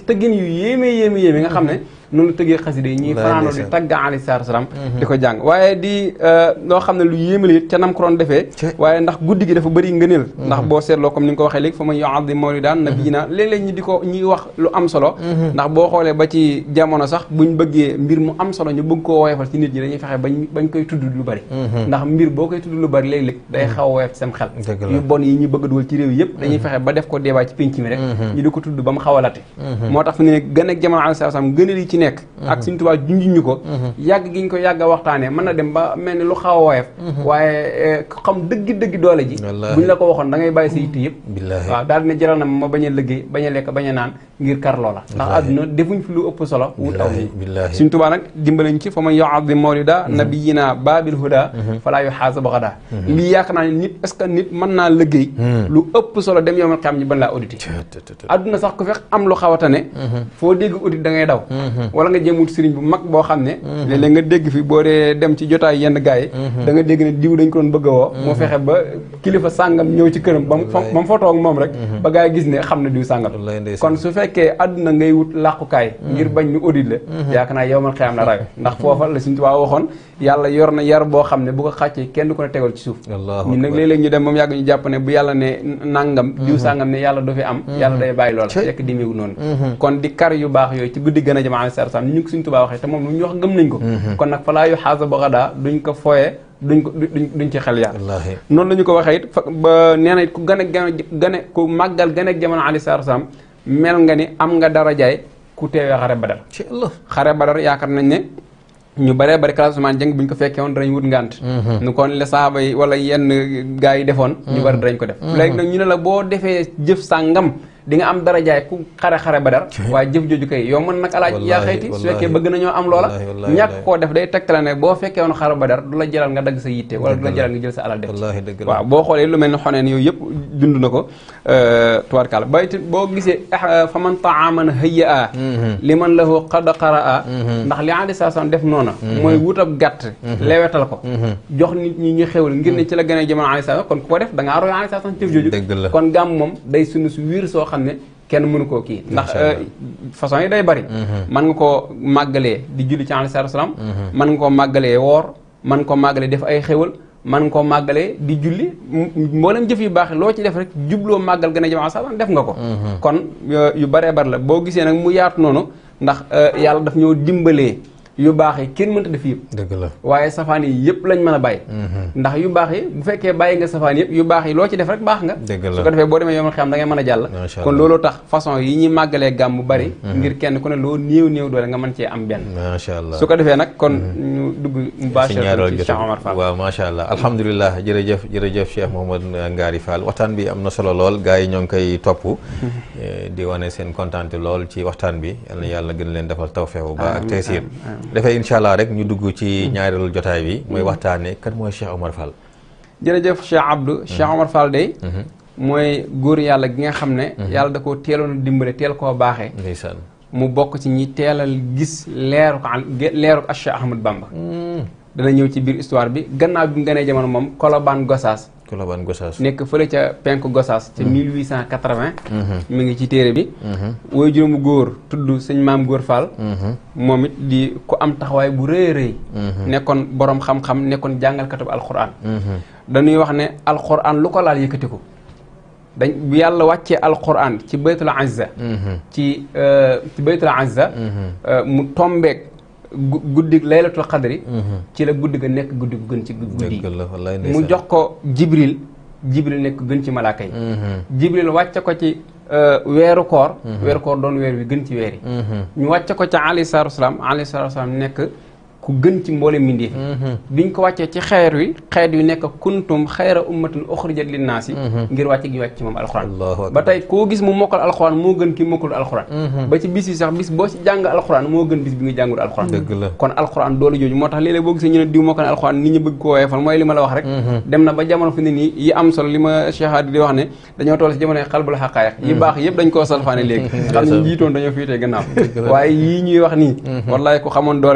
تجين يمي يمي يمي خم نه noonu tëggee xasida yi ñuy fanaanoo di tagga alayhi salaatu mhm. di ko jàng waaye di euh, loo xam ne lu yéemale ca nam defee waaye ndax guddi gi dafa bëri ngëneel mhm. ndax boo seetloo comme ni nga ko waxee léegi fa ma yoadi mhm. di ko ñuy wax lu am solo ndax boo xoolee ba ci jamono sax buñ bëggee mbir mu am solo ñu bëgg koo woyefal ci nit ñi dañuy fexe bañ bañ koy tudd lu bari ndax mbir boo koy tudd lu bari léeg day xaw a woyef xel yu bon yi ñu bëgg ci réew yëpp dañuy fexe ba def ko débat ci pénc mi rek ñu di ko tudd ba mu xaw a late moo tax fu ne gën ak jamono alayhi salaam yi ci nekk ak suñu tubaab junj ñu ko mhm. yàgg gi ñu ko yàgg a waxtaanee mën na dem ba mel ni lu xaw a woyof mhm. waaye eh, xam dëgg-dëgg doole ji buñ la ko waxoon da ngay bàyyi sa yitte yëpp waaw daal dina jaral na ma bañ a liggéey a lekk bañ a naan ngir kar loola ndax àdduna defuñ fi lu ëpp solo wu taw yi suñu tubaab nag dimbalañ ci fa man yu'azzim mawlida mhm. nabiyina baabil huda falaa yuhaasabu ghadaa lii yaakaar naa nit est-ce que nit mën naa liggéey lu ëpp solo dem yow ma xam ñu ban laa audité a sax ku fekk am lu xawatane foo dégg audit da ngay daw wala nga jéemul sëriñ bu mag boo xam ne mhm. léeg nga dégg fi boo dee dem ci jotaay yenn gars yi mhm. da nga dégg ne diw dañ ko doon bëgg a woo mhm. moo fexe ba kilifa sàngam ñëw ci këram ba mu fa toog moom rek ba gars gis ne xam na diw sàngam kon su fekkee àdduna ngay wut làqukaay ngir bañ ñu audit la yaakaar naa yow man xëy am na rawe ndax foofa la suñu tubaab waxoon yàlla yor na yar boo xam ne bu ko xàccee kenn ko ne tegal ci suuf ñun nag léeg-léeg ñu dem moom yàgg ñu jàpp ne bu yàlla ne nangam diw sàngam ne yàlla du fi am yàlla day bàyyi lool fekk dimeewu noonu kon di kar yu baax yooyu ci guddi gën a jama sallallahu alayhi wasallam ñu ko suñ tubaa waxee te moom lu ñu wax gëm nañ ko mhm. kon nag falaa yu xaasa ba xadaa duñ ko fooye duñ ko duñ duñ ci xel yaar noonu ko maggal it ba nee na a gën a ku màggal a jamono alayhi salaam mel nga ni am nga darajaay ku teewee xare badar xare badar yaakaar nañ ne ñu bare bëri classe Ousmane Dieng buñ ko fekkee woon danañ wut ngant mhm. nu kon la saaba yi wala yenn gaa yi defoon ñu mhm. bëri danañ ko def léegi nag ñu ne la boo defee jëf sàngam di nga am darajaay ku xara xare badar wa jëf joju kay yow mën nak alaaj ya xeyti su fekke bëgg nañu am loola ñak ko def day tegtale ne boo fekkee woon badar du la jëral nga dag sa yitte wala du la jëral nga jël sa alal def wa bo xolé xoolee lu mel ni xoneen yooyu yëpp dund na ko euh, tubaarkaal bayit bo gisee ah, euh, fa man taaman hayya a mhm. lahu qad qaraa mhm. ndax li ali saa def nona moy mhm. wut gatt lewetal ko jox nit ñi ñu xewul ngir ne ci la gën ali kon ko def da nga roy ali saa kon gam mom day sunu su wir so xam ne kenn mënu koo kii ndax euh, façon yi day bari man mhm. nga koo màggalee di julli ci alayhi salaatu salaam man mhm. nga koo màggalee woor man nga koo màggalee def ay xéwal man koo màggalee di julli mboolem jëf yu baax loo ci def rek jubloo màggal gën a jëm salaam def nga ko mhm. kon yu baree bari la boo gisee nag mu yaatu noonu ndax euh, yàlla daf ñoo dimbalee yu baax yi kenn mënta def yëpp dëgg la waaye safaan yi yëpp lañ mën a bàyyi mhm. ndax yu baax yi bu fekkee bàyyi nga safaan yëpp yu baax yi loo ci def rek baax nga su ko defee boo demee yomal xam da ngay mën a jàll kon looloo tax façon yi ñuy màggalee gàmm bu bari mhm. ngir kenn ku ne loo néew néew doole nga mën cee am benn macha allah su ko defee nag kon mhm. ñu dugg mubasharatan ci Cheikh Omar Fall waaw macha allah alhamdulilah jërëjëf jërëjëf Cheikh Mouhamad Ngari Fall waxtaan bi am na solo lool gars yi ñoo ngi koy topp eh, di wane seen kontaan lool ci waxtaan bi yal na yàlla gën leen defal tawfeex ba ak teesiir defee incha allah rek ñu dugg ci ñaareelu jotaay bi mooy waxtaane kat mooy Cheikh Omar Fall jërëjëf Cheikh Abdou mm-hmm. Cheikh Omar Fall day mm-hmm. mooy góor yàlla gi nga xam ne mm-hmm. yàlla da koo teeloon a dimbale teel koo baaxee ndeysaan mu bokk ci ñi teelal gis leeru ko leeru Cheikh Ahmad Bamba mm. dana ñëw ci biir histoire bi gannaaw bi mu gënee jamono moom Colobane gosaas ci Colobane Gossas nek fele ca penk Gossas ci 1880 mi ngi ci téere bi hmm. way juróomu goor tuddu sëñ mam goor Fall hmm. moom di ku am taxaway bu reey reey hmm. nekkon borom xam-xam nekkoon alquran alxuraan dañuy wax ne alquran lu ko laal yëkkati ko dañ bu yalla wacce alquran ci baytul azza ci euh, ci baytul azza euh, mu tombeek guddi laylatul xadri mm-hmm. ci la guddi ga nekk guddi gu gën ci guddi yi mu jox ko jibril jibril nekk gën ci malaaka yi mm-hmm. jibril wàcce ko ci euh, weeru koor mm-hmm. weeru koor doon weer wi gën ci weer yi ñu wàcce ko ci alayhi salaatu wasalaam alayhi salaatu wasalaam nekk ku gën ci mboolem mbindeef mhm. biñ ko wàccee ci xéer wi yu nek kuntum khaira ummatin uxrijat linnaas yi mhm. ngir wàcce gi wàcc mom alquran ba tay ko gis mu mokal alquran mo gën ki mokkul alxuraan mhm. ba ci bis yi sax bis bo ci jang alquran mo gën bis bi nga jàngul alxuraan kon alquran doole jooju moo tax léeg-léeg boo ñu ne diw mokkal alxuraan nit ñi bëgg ko woyefal moy li ma la wax rek dem na ba jamono fi ne yi am solo li ma Cheikh Hadi di wax ne dañu toll ci jamono xalbul haqaiq yi bax yëpp dañ ko salfané légui xam ñi jitton dañu fiitee gënaaw waye yi ñuy wax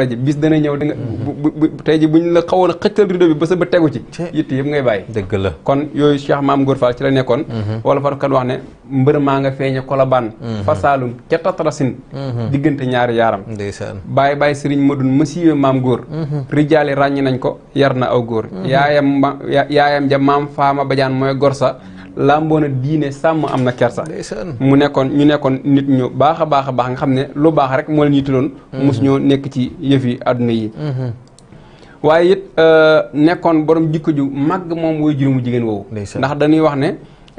ji bis dana ñew yow di bu tey ji buñ la xawoon a xëccal rido bi ba sa ba tegu ci yitt yëpp ngay bàyyi dëgg la kon yooyu Cheikh Maam Góor Fall ci la nekkoon wala fa kan wax ne mbër maa nga feeñe kolabaan mhm. fasaalum ca tatrasin mhm. diggante ñaari yaaram ndeysaan bàyyi bàyyi sëriñ madun masiwe maam góor mhm. rijaale ràññi nañ ko yar na aw góor yaayam ma yaayam ja maam faama bajaan mooy gorsa làmboon a diine sàmm am na kersa mu nekkoon ñu nekkoon nit ñu baaxa a baax a baax nga xam ne lu baax rek moo leen yitaloon mhm. mos ñoo nekk ci yëf yi àdduna yi mhm. waaye it euh, nekkoon borom jikko ju màgg moom woy juru mu jigéen woowu ndax dañuy wax ne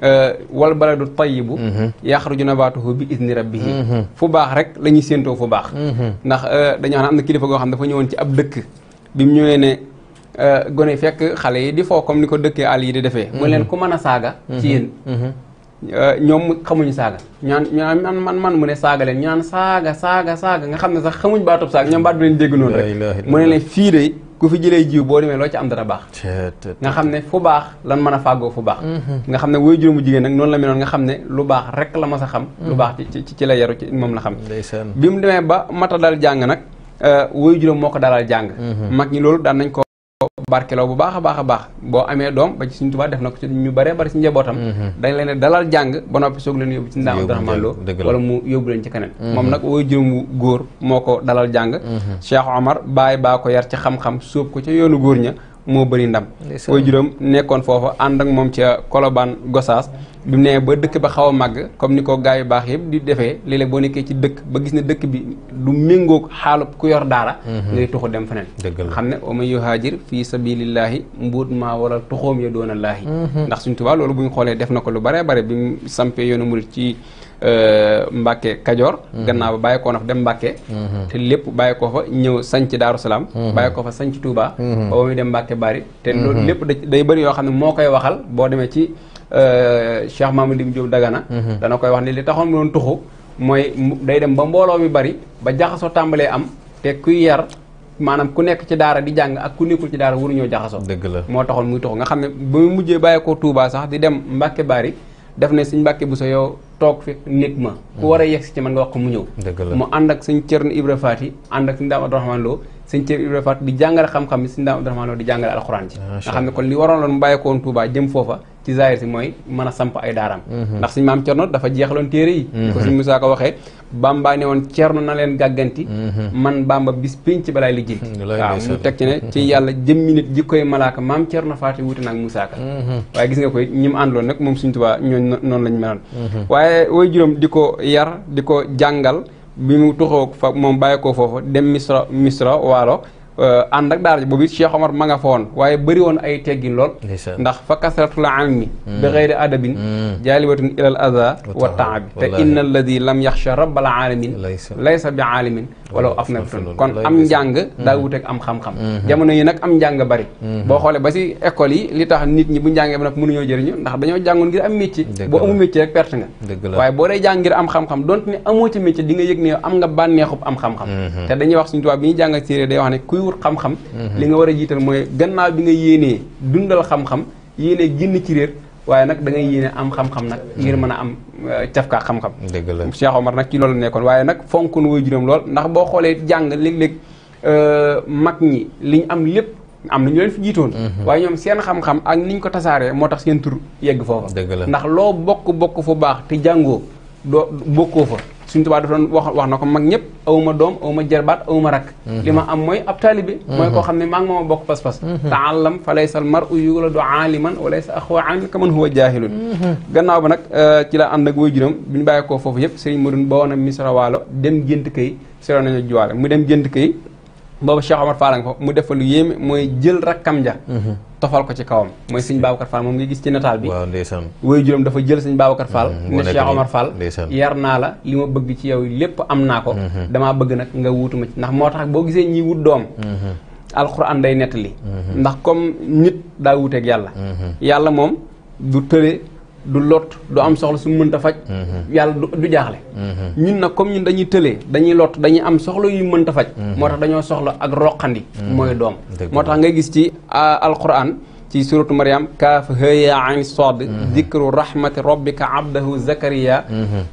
euh, wal baladu tayyibu mhm. yaxruju nabaatuhu bi ni izni rabbihi fu baax rek la ñuy séentoo fu baax ndax euh, dañu wax ne am na kilifa goo xam dafa ñëwoon ci ab dëkk bi mu ñëwee ne Euh, gone fekk xalé yi di fo comme ni ko al yi di défé mo mhm. leen ku mëna saga mhm. ci yeen mhm. euh, ñom xamuñu saga ñaan man man mune mu ne saga leen ñaan saga saga saga nga xamné sax xamuñu ba top saga ñom ba du leen dégg non rek mo ne leen fii ku fi jëlé jiw bo démé lo ci am dara bax nga xamné fu bax lan mëna fago fu bax nga xamné way woy jigen nak non la mënon nga xamné lu bax rek la mësa xam lu bax ci ci la yaru ci mom la xam bimu démé ba mata dal jang nak euh, woy juróom moo ko dalal jang mag ñi lolu nañ ko barkeloo bu baax a baax a baax boo amee doom ba ci Sëriñ Tuubaa def na ko ci ñu bëree bëri si njabootam mhm. dañ leen ne dalal jàng ba noppi soog leen yóbbu ci ndaam Abdourahmane Lo wala mu yóbbu leen ci keneen mhm. moom nag wooy jëm góor moo ko dalal jàng mhm. Cheikh Omar bàyyi baa ko yar ci xam-xam sóob ko ca yoonu góor ña moo bëri ndam way juróom nekkoon foofa ànd ak moom ca Kolobaan Gosaas bi mu nee ba dëkk ba xaw a màgg comme ni ko gars yu baax yëpp di defee léeg boo nekkee ci dëkk ba gis ne dëkk bi du méngoo xaalub ku yor daara mhm. ngay tuxu dem feneen xam ne aman yohaajir fii sabilillahi mbuut maa waral tuxoom ya doon a laahi mhm. ndax suñ tubaab loolu bu xoolee def na ko lu bare bare bi mu sampee yoonu murit ci Euh, Mbacke Kajoor. Mhm. gannaaw ba bàyyi koo na dem Mbacke. Mhm. te lépp bàyyi koo fa ñëw sanc Daaru Salaam. Mhm. bàyyi koo fa sanc Touba. ba ba muy dem Mbacke Bari. te loolu lépp day bëri yoo xam ne moo koy waxal boo demee ci di euh, Mamadou Diop Dagana. dana koy wax ne li taxoon mu tuxu mooy day dem ba mbooloo mi bari ba jaxasoo tàmbalee am te kuy yar. maanaam ku nekk ci daara di jàng ak ku nekkul ci daara waruñoo jaxasoo. dëgg la moo taxoon muy taxaw nga xam ne ba mu mujjee bàyyeekoo Touba sax di dem Mbacke Bari. daf ne sëñ bu Buso yow toog fi nit ma ku war a yegsi ci man nga wax ko mu ñëw mu ànd ak sëñ Cerno Ibra Faati ànd ak sëñ Daam Abdourahmane Lo sëñ Cerno Ibra Faati di jàngale xam-xam bi sëñ Daam Abdourahmane Lo di jàngale alxuraan ci nga xam ne kon li waroon loon mu bàyyi ko woon Tuubaa jëm foofa ci zaahir si mooy mën a samp ay daaraam mhm. ndax suñ maam cerno dafa jeexaloon téere yi ko mhm. suñ Musaa waxee bamba woon cerno na leen gàgganti mhm. man bamba bis pénc balaay liggéey waaw mu teg ci ne ci yàlla jëmmi nit jikkoy malaaka maam cerno faati wuute naag Musaa Ka waaye gis nga koy ñi mu àndaloon nag moom suñ tubaa ñooñ noonu lañ meloon waaye way juróom di ko yar di ko jàngal bi mu tuxoo fa moom bàyyi ko foofu dem misra misra waalo Euh, ànd ak daara ji boobu it Cheikh Omar ma nga fa woon waaye bëri woon ay teggin lool ndax fa kasratul almi bi xeyri mm. adabin mm. jaalibatun ilal aza wa taabi te inna alladi lam yaxsha rabbal alamin laysa bi aalimin walaw afnatun kon mm-hmm. daa wuteeg am xam-xam mm-hmm. jamono yi nag am njàng bari mm-hmm. boo xoolee ba si école yi li tax nit ñi bu njàngee ba nag mënuñoo jëriñu ndax dañoo jàngoon ngir am métier boo amul métier rek perte nga waaye boo dee jàng ngir am xam-xam donte ne amoo ci métier di nga yëg ne am nga bànneexub am xam-xam te dañuy wax suñu tubaab bi ñuy jàng séeréer day wax ne wut xam-xam li nga war a jiital mooy gannaaw bi nga yéenee dundal xam-xam yéenee génn ci réer waaye nag da ngay yéene am xam-xam nag ngir mën a am euh, cafkaa xam-xam dëgg la Cheikh Omar nag ci loolu nekkoon waaye nag fonk fonkoon woy juróom lool ndax boo xoolee jàng léeg-léeg euh, mag ñi li ñu am lépp am na ñu leen jiitoon mhm. waaye ñoom seen xam-xam ak niñ ko tasaaree moo tax seen tur yegg foofa dëgg la ndax loo bokk bokk fu baax te jàngoo doo bokkoo fa suñ tubaa dafa doon wax wax na ko mag ñëpp awuma doom awuma jarbaat awuma rakk mhm. li ma am mooy ab taalibe mooy koo mhm. xam ne maa ngi mooma bokk pas-pas mhm. taallam fa laysa al maru yuladu aaliman wa laysa axwa aaliman ka man huwa jaahilun nag euh, ci la ànd ak waajuram bi ñu bàyyi koo foofu yëpp sëriñ Modou boo a misra waalo dem gént kay sero nañu juwaale mu dem gént kay boobu Cheikh Omar Fall nga fa mu defalu fa mooy jël rakkam ja tofal ko ci kawam mooy sëñ Babacar Fall moom nga gis ci nataal bi waaw ndeysaan wooyu juróom dafa jël sëñ Babacar Fall mm-hmm. ne Cheikh Omar Fall yar naa la li ma bëgg ci yow lépp am naa ko mm-hmm. damaa bëgg nag nga wutuma ci ndax moo tax boo gisee ñiy wut doom mm-hmm. alxuraan day nettali ndax comme nit daa wuteeg yàlla yàlla moom du tële du lot du am soxla su mënta fajj mhm. yalla du jaxlé mhm. ñun nak comme ñun dañuy télé dañuy lot dañuy am soxla yu mënta faj mhm. moo dañoo soxla ak roxandi moy doom motax ngay gis ci alquran ci suratu maryam ha ya an sad dikru rahmati rabbika abdahu zakariya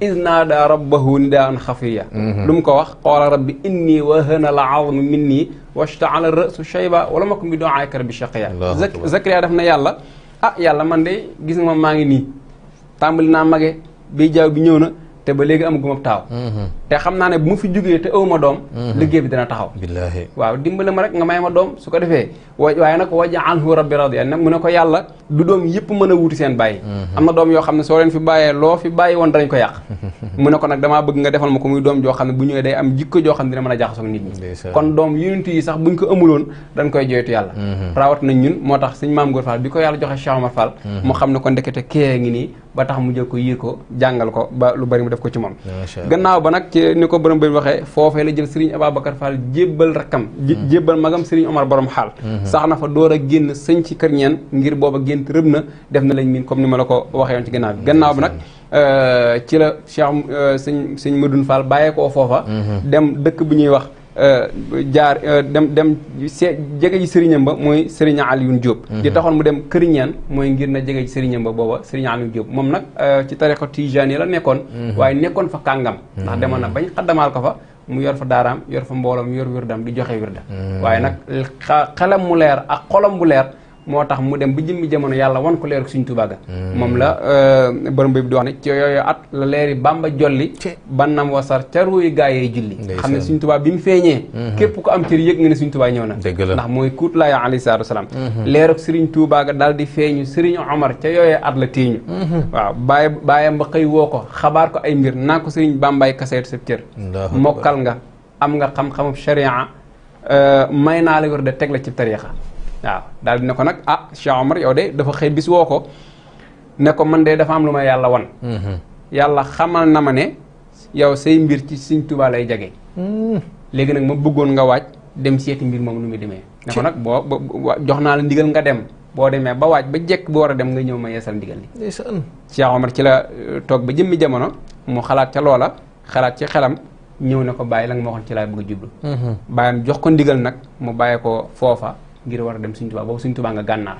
izna da rabbahu nidaan khafiya lum ko wax qala rabbi inni wahana al azmu minni washtaala rasu shayba wa lam akun bi bi shaqiya zakariya dafna na ah yalla man de gis nga ma ngi ni tàmbali naa mage bii jaaw bi ñëw na te ba léegi amaguma taaw mhm. te xam naa ne bu mu fi jógee te ma doom mhm. liggéey bi dina taxaw billaahi waaw dimbale ma rek nga may ma doom su ko defee wa waaye nag wajaanhu rabbi radiya nag mu ne ko yàlla du doom yëpp mën a wuuti seen bàyyi mhm. am na doom yoo xam ne soo leen fi bàyyee loo fi bàyyi woon danañ ko yàq mu ne ko nak dama bëgg nga defal mako muy doom jo xamne bu ñëwé day am jikko jo xamne dina mëna a jaxasoog nit ñi kon doom yonent yi sax buñ ko amuloon dañ koy joytu yalla mhm. rawat na ñun motax tax mam maam Fall biko yalla joxe Cheikh Omar Fall mhm. mu xamne kon ndekete kee ngi nii ba tax mu jël ko yii ko jangal ko ba lu bari mu def ko ci mom gannaaw ba nak ci niko borom bay waxe fofé la jël Serigne ababakar Fall jébal rakam jébal mhm. magam Serigne Omar borom xal sax na fa doora genn génn ci kër ñen ngir boba genn rëb na def na lañ min comme ni mala ko waxee yoon ci gannaaw gannaaw ba nak Euh, ci la Cheikh euh, sëñ sëñ Madoune Fall bàyyeekoo foofa. Mhm. dem dëkk bu ñuy wax. Euh, jaar dem dem see jege ji sëriñam ba mooy sëriñ Alioune Diop. Mhm. di taxoon mu dem këriñaan mooy ngir na jege ji sëriñam ba booba sëriñ Alioune Diop moom nag ci tariqa tijaan yi la nekkoon. Mhm. waaye nekkoon fa kàngam. ndax demoon na bañ xaddamaal ko fa mu yor fa daaraam yor fa mbooloom yor wirdam di joxe wirda waaye nag xelam mu leer ak xolam bu leer. moo tax mu dem ba jëmmi jamono yàlla wan ko leerug Sëriñ Tuubaa ga hmm. moom la euh, borom bi di wax ne ci yooyu at la leeri Bàmba jolli bannam wasar ca ruuy gaayee julli xam ne Sëriñ Tuubaa bi mu feeñee hmm. képp ku am cër yëg nga ne Sëriñ Tuubaa ñëw na ndax mooy kuutlaayo alayhi salaatu wasalaam hmm. leerug Sëriñ Tuubaa ga daal di feeñu Sëriñ Omar ca yooyu at la téeñu waaw bàyyi ba xëy woo ko xabaar ko ay mbir naa ko Sëriñ Bàmbaay kaseetu sa cër mokkal nga am nga xam-xamub sharia euh, may naa la wér de teg la ci tariixa waaw daal di ne ko nag ah Cheikh Omar yow de dafa xëy bis woo ko ne ko man de dafa am lu ma yàlla wan. Mm-hmm. yàlla xamal na ma ne yow say mbir ci Sëñ Tuubaa lay jage. Mm. léegi nag ma bëggoon nga waaj dem seeti mbir moom nu muy demee. ne ko nag boo jox naa la ndigal nga dem boo demee ba waaj ba jekk bu war a dem nga ñëw ma yeesal ndigal li. Cheikh Omar ci la euh, toog ba jëmmi jamono mu xalaat ca loola xalaat ci xelam. ñëw ne ko bàyyi la nga ma waxoon ci laay bëgg jublu. Mm-hmm. bàyyam jox ko ndigal nag mu bàyyi ko foofa ngir war dem seigne touba bo seigne touba nga gànnaar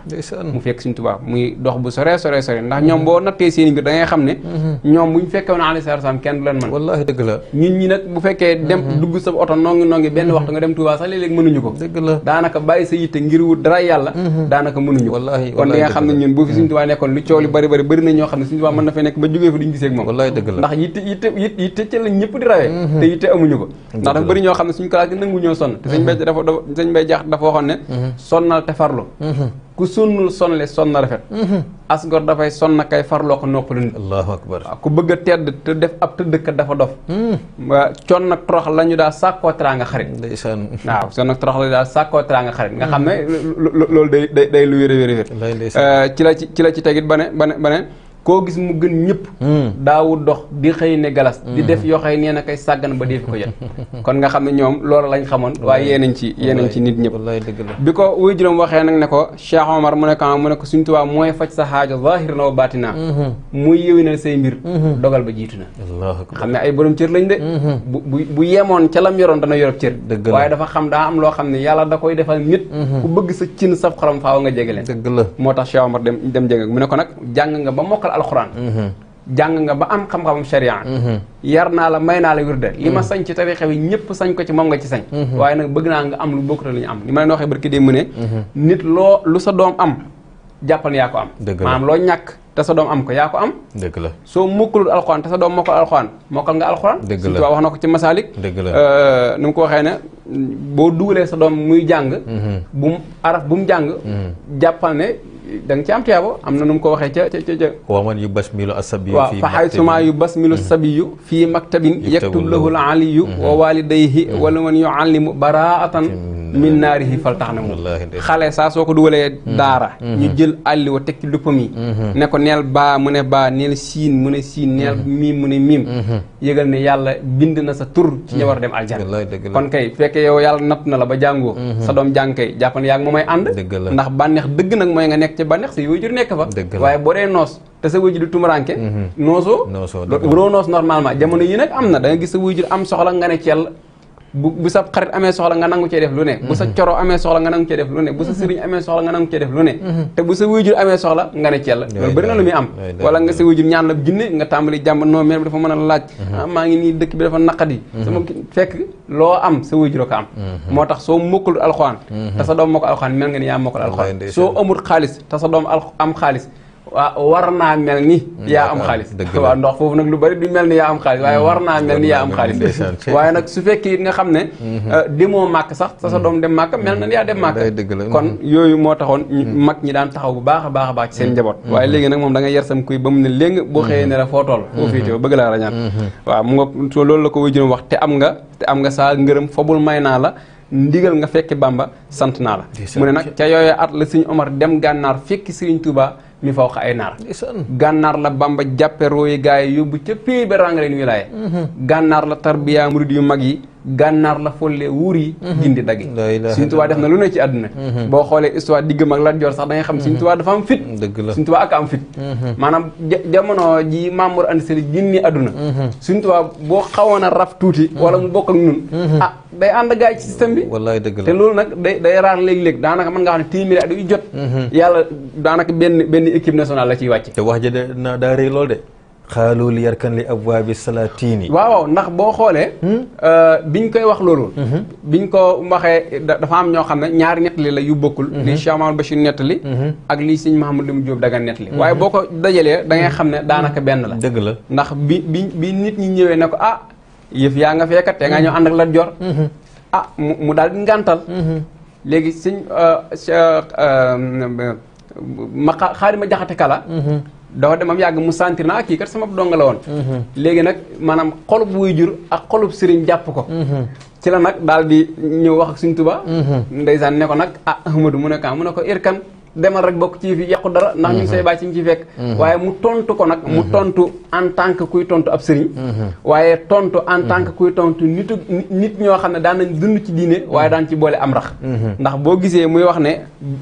mu fekk seigne touba muy dox bu sore sore sore ndax ñom bo nattee seen mbir da ngay xamné ñom mhm. ñoom fekké ñu ali sar sam kenn du len man wallahi deug la ñun ñi nak bu fekké dem mhm. dugg sa oto nongi nongi benn mhm. waxtu nga dem touba sax leleg léeg mënuñu ko dëgg la daanaka bay sa yitte ngir wu dara yalla yàlla daanaka mënuñu wallahi kon nga xamné ñun bu fi seigne touba nekkon lu cioli bari bari bari na ño xamné seigne touba mëna mën na fa nekk ba jógee fa duñu gisé ak mom wallahi deug la ndax yitte yitte yitte ci la ñepp di rawé te yitte amuñu ko ndax bari ño xamné suñu classe nangu ño son seigne sëñ bay dafa seigne bay jax dafa waxone sonnal te farlu mhm. ku sunnul sonle sonna rafet mhm. as gor dafay sonna kay farloo ko noppalu nit allahu akbar waaw ku bëgg a tedd te def ab tëddkat dafa dof mhm. con nag torox la ñu daa sàkkoo teraanga xarit ndeysaan waaw con nag torox la daa sàkkoo teraanga xarit nga xam ne loolu day day day lu wér a wér eh, ci la ci ci la ci tegit ba ne ba ne ba ne koo gis mu gën ñëpp hmm. daawu dox di xëy ne galas di hmm. def yoo xëy nee na koy sàggan ba dee fi ko jot kon nga xam ne ñoom loolu lañ xamoon waaye yeenañ ci yeenañ ci nit ñëpp bi ko wuy juróom waxee nag ne ko Cheikh Omar mu ne ko mu ne ko suñ tubaab mooy faj sa xaajo zahir na wa baatina hmm. say mbir dogal ba jiitu na xam ne ay borom cër lañ de bu bu yemoon ca lam yoroon dana yorob cër waaye dafa xam daa am loo xam ne yàlla da koy defal nit ku bëgg sa cin saf xorom faaw nga jege leen tax Cheikh Omar mu ne ko nag jàng nga ba mokkal alxuraan mhm. jàng nga ba am xam-xamam sharia mhm. yar naa la may naa la wirde li ma mhm. sañ ci tarixa bi ñëpp sañ ko ci moom nga ci sañ waaye nag bëgg naa nga am lu bokkute la ñu am li ma leen waxee barki ne nit loo lu sa doom am jàppal yaa ko am maanaam loo ñàkk te sa doom am ko yaa ko am dëgg la soo mokkalul alxuraan te sa doom mokkal alxuraan mokkal nga alxuraan dëgg la wax na ko ci masaalik dëgg la euh, nu mu ko waxee ne boo dugalee sa doom muy jàng bu mu araf bu mu jàng jàppal ne dang ci am tiyaabo amna num ko waxe ca ca ca. wa man yu bas milu asabiyu. fa xaysuma yu bas milu fi maktabin yaktub lahu al aliyu wa walidayhi wa man yuallimu baraatan min narihi fal tax na mu xale saa dara mhm. mhm. ñu jël ali wa tekki duppam mhm. yi ne ko nel ba mu ne ba nel sin mu ne sin nel miim mu ne mim yegal ne yalla bind na sa tur ci ñewar dem aljan kon kay fekke yow yalla nat na la ba jàngoo sa dom jang kay jàppal yaak mo may and ndax banex deug nak moy nga nek nekk ca bànneex say wajur nekk fa waaye boo dee noos te sa wajur du tumuranke mhm. noosoo noosoo noos normalement jamono yi nag am na da gis sa wajur am soxla nga ne ci yàlla bu bu sa xarit amee soxla nga nangu cee def lu ne bu sa mhm. coro amee soxla nga nangu cee def lu ne bu sa mhm. sëriñ amee soxla nga nangu cee def lu ne mhm. te bu sa wéyjur amee soxla nga ne ceel loolu bëri na lu muy am wala nga sa wéyjur ñaan la jinne nga tàmbali jàmb noo mère dafa mën a laaj ah, maa ngi nii dëkk bi dafa naqadi sama fekk loo am sa wéyjur ko am moo tax soo mokkul alxuraan te sa doom mokkul alxuraan mel nga ni yaa mokkul alxuraan soo amul xaalis te sa doom am xaalis war naa mel ni hmm, yaa am xaalis waaw ndox foofu nag lu bari du mel ni am xaalis waaye hmm, war naa mel ni yaa am xaalis waaye nag su fekkee nga xam ne hmm. euh, demoo màkk sax sa sa doom dem màkk mel na yaa dem màkk kon yooyu moo taxoon mag ñi daan taxaw bu baax a baax a baax seen njaboot waaye léegi nag moom da nga yar sam kuy ba mu ne léegi boo xëyee la foo bëgg laa rañaan waaw mu nga loolu la ko wajuram wax te am nga te am nga saa ngërëm fobul may naa la ndigal nga fekki Bamba sant naa la mu ne nag ca yooyu at la Sëriñ Omar dem gànnaar fekki Sëriñ Tuubaa li fawqa ay nar gànnaar la bamba jàppe roy gaay yi yóbbu ca pii ba rang ganar wilaaye mhm. gànnaar la tarbiya murid yu magi mhm. yi la folle wuri jindi gindi seigne touba def na lu ne ci aduna mhm. bo xoolee histoire diggam ak lan jor sax da nga xam Sëñ Tuubaa dafa am fit seigne touba ak am fit manam jamono ji Mamour andi Sali jinni aduna seigne touba bo xawona raf touti wala mu bok ak nun ah day ànd gaa yi ci système bi. wallaay dëgg la te loolu nag day day raar léeg-léeg daanaka mën nga xam ne téeméeri at yu jot. Mhm. yàlla benn benn équipe nationale la ciy wàcce. te wax ji de na daa rëy lool de. xaalu li yarkan li abwaabi salaatini. waaw waaw ndax boo xoolee. Hmm? Euh, biñ koy wax loolu. Mhm. biñ ko waxee dafa am ñoo xam ne ñaari nettali la yu bokkul. Mhm. li Cheikh Mahamadou Bachir nettali. ak li sëñ Mahamadou Lim Diop daga nettali. boo ko dajalee da ngay xam ne daanaka benn la. dëgg la ndax bi bi nit ñi ñëwee ne ah. yëf yaa nga feekat te nga ñëw ànd ak Lat Joor mhm. ah mu daal di ngàntal mhm. léegi sëñ ma xaari ma jaxate kala mhm. dafa demam yàgg mu sentir na ak kii kat sama donga la woon léegi nag maanaam xolub wuy jur ak xolub sëriñ jàpp ko ci la nag daal di ñëw wax ak suñ tuba ndeysaan ne ko nag ah Ahmadu mu ne kaa ah, mu ne ko irkan demal rek bokk ci fi yàqu dara ndax ñu ngi mhm. say bàyyi ci ngi ci fekk mhm. waaye mu tontu ko nag mu mhm. tontu en kuy tontu ab sëriñ waaye tontu en kuy tontu nit ñoo xam ne daan nañ dund ci diine waaye daan ci boole am rax ndax boo gisee muy wax ne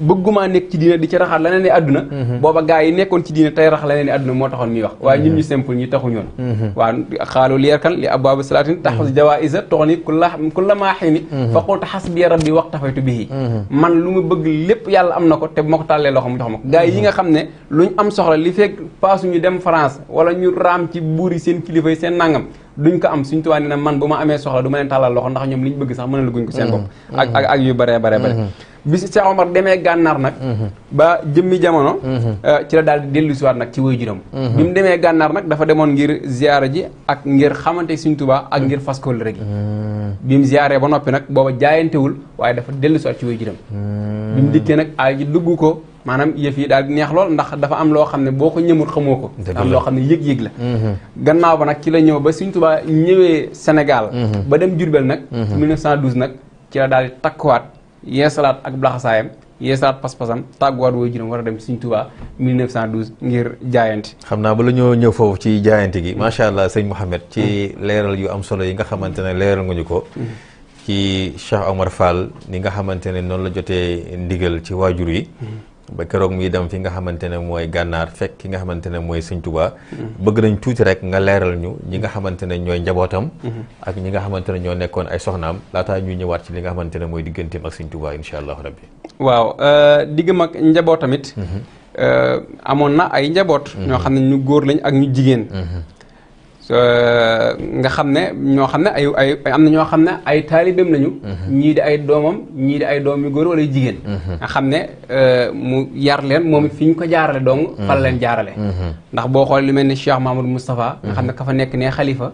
bëggumaa nekk ci diine di ci raxaat leneen ni àdduna booba gaa yi nekkoon ci diine tey rax leneen ni àdduna moo taxoon muy wax waaye ñun ñu simple ñu taxu ñoon waaw xaalu li yerkan li abwaabu salaatin taxus jawaïsa toxni kulla kulla maa xiini faqultu ko tàllee loxo mu jox ma ko gars yi nga xam ne luñ am soxla li fekk paasu ñu dem France wala ñu raam ci buur yi seen kilifa yi seen nangam duñ ko am suñ tuwaa na man bu ma amee soxla du ma leen tàllal loxo ndax ñoom ñu bëgg sax mën a la guñ ko seen bopp mm-hmm. ak ak ak yu bare bare bare bi si Cheikh Omar demee gànnaar nag mhm. ba jëmmi jamono mhm. euh, ci la daal di dellu siwaat nag ci waajuram mhm. bi mu demee gànnaar nag dafa demoon ngir ziyaara ji ak ngir xamante Sëriñ tubaa ak ngir fas kóllëre gi bi mu ziyaaree ba noppi nag booba jaayantewul waaye dafa dellu siwaat ci waajuram bi mu dikkee nag ay ji dugg ko maanaam yëf yi daal neex lool ndax dafa am loo xam ne boo ko ñëmut xamoo ko am loo xam ne yëg-yëg la gannaaw ba nag ci la ñëw ba Sëriñ Tuubaa ñëwee Sénégal ba dem Jurbel nag 1912 nag ci daal di takkuwaat yeesalaat ak blaxasaayam yeesalaat pas-pasam tàgguwaat wooy juróom war a dem Sëriñ Tuubaa 1912 ngir jaayante xam naa ba la ñoo ñëw foofu ci jaayante gi macha allah sëñ Mouhamed ci leeral yu am solo yi nga xamante ne leeral nga ñu ko mm-hmm. ci Cheikh Omar Fall ni nga xamante ne noonu la jotee ndigal ci waajur yi mm-hmm. ba keroog muy dem fi nga xamante ne mooy gànnaar fekk ki nga xamante ne mooy Sëñ Tuubaa bëgg nañ tuuti rek nga leeral ñu ñi nga xamante ne ñooy njabootam ak ñi nga xamante ne ñoo nekkoon ay soxnaam laataa ñuy ñëwaat ci li nga xamante ne mooy digganteem ak Sëñ Tuubaa insha allahu rabbi waaw euh, diggam ak njabootamit mhm. euh, amoon na ay njaboot mhm. ñoo xam ne ñu góor lañ ak ñu jigéen mhm. Euh, nga xam ne ñoo xam ne ay ay na ñoo xam ne ay taalibeem lañu. Mm-hmm. ñii di ay doomam ñii di ay doom yu góor yu jigéen. Mm-hmm. nga xam ne euh, mu yar leen moom fi ñu ko jaarale dong. Mm-hmm. fa leen jaarale. ndax boo xoolee li mel ni Cheikh Mamadou Moustapha. nga xam ne ka fa nekk ne xalifa.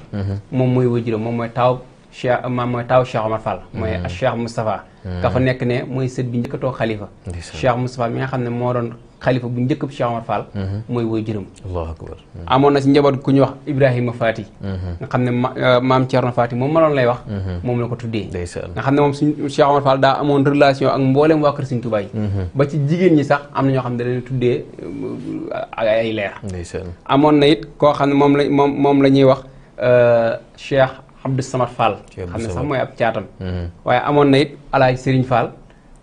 moom mooy wajuram moom mooy taaw cheikh euh, maam mooy taaw cheikh Omar Fall mooy hmm. cheikh Moustapha ka hmm. nekk ne mooy sët bi njëkkatoo xalifa cheikh Moustapha mi nga xam ne moo doon xalifa bu njëkk bi cheikh Omar hmm. mooy woy jërëm allahu akbar amoon na si njaboot ku ñu wax Ibrahima Fati nga xam ne euh, maam na faati moom ma loon lay wax moom la ko tuddee nga xam ne moom suñ cheikh Omar Fall daa amoon relation ak mbooleem waa kër Sëriñ Tuubaa yi ba ci jigéen ñi sax am na ñoo xam ne dañu tuddee euh, ay leer amoon na it koo xam ne moom la moom moom la ñuy wax cheikh xam di sama Fall xam ne sax mooy ab caatam mm-hmm. waaye amoon na it alaaj Serigne Fall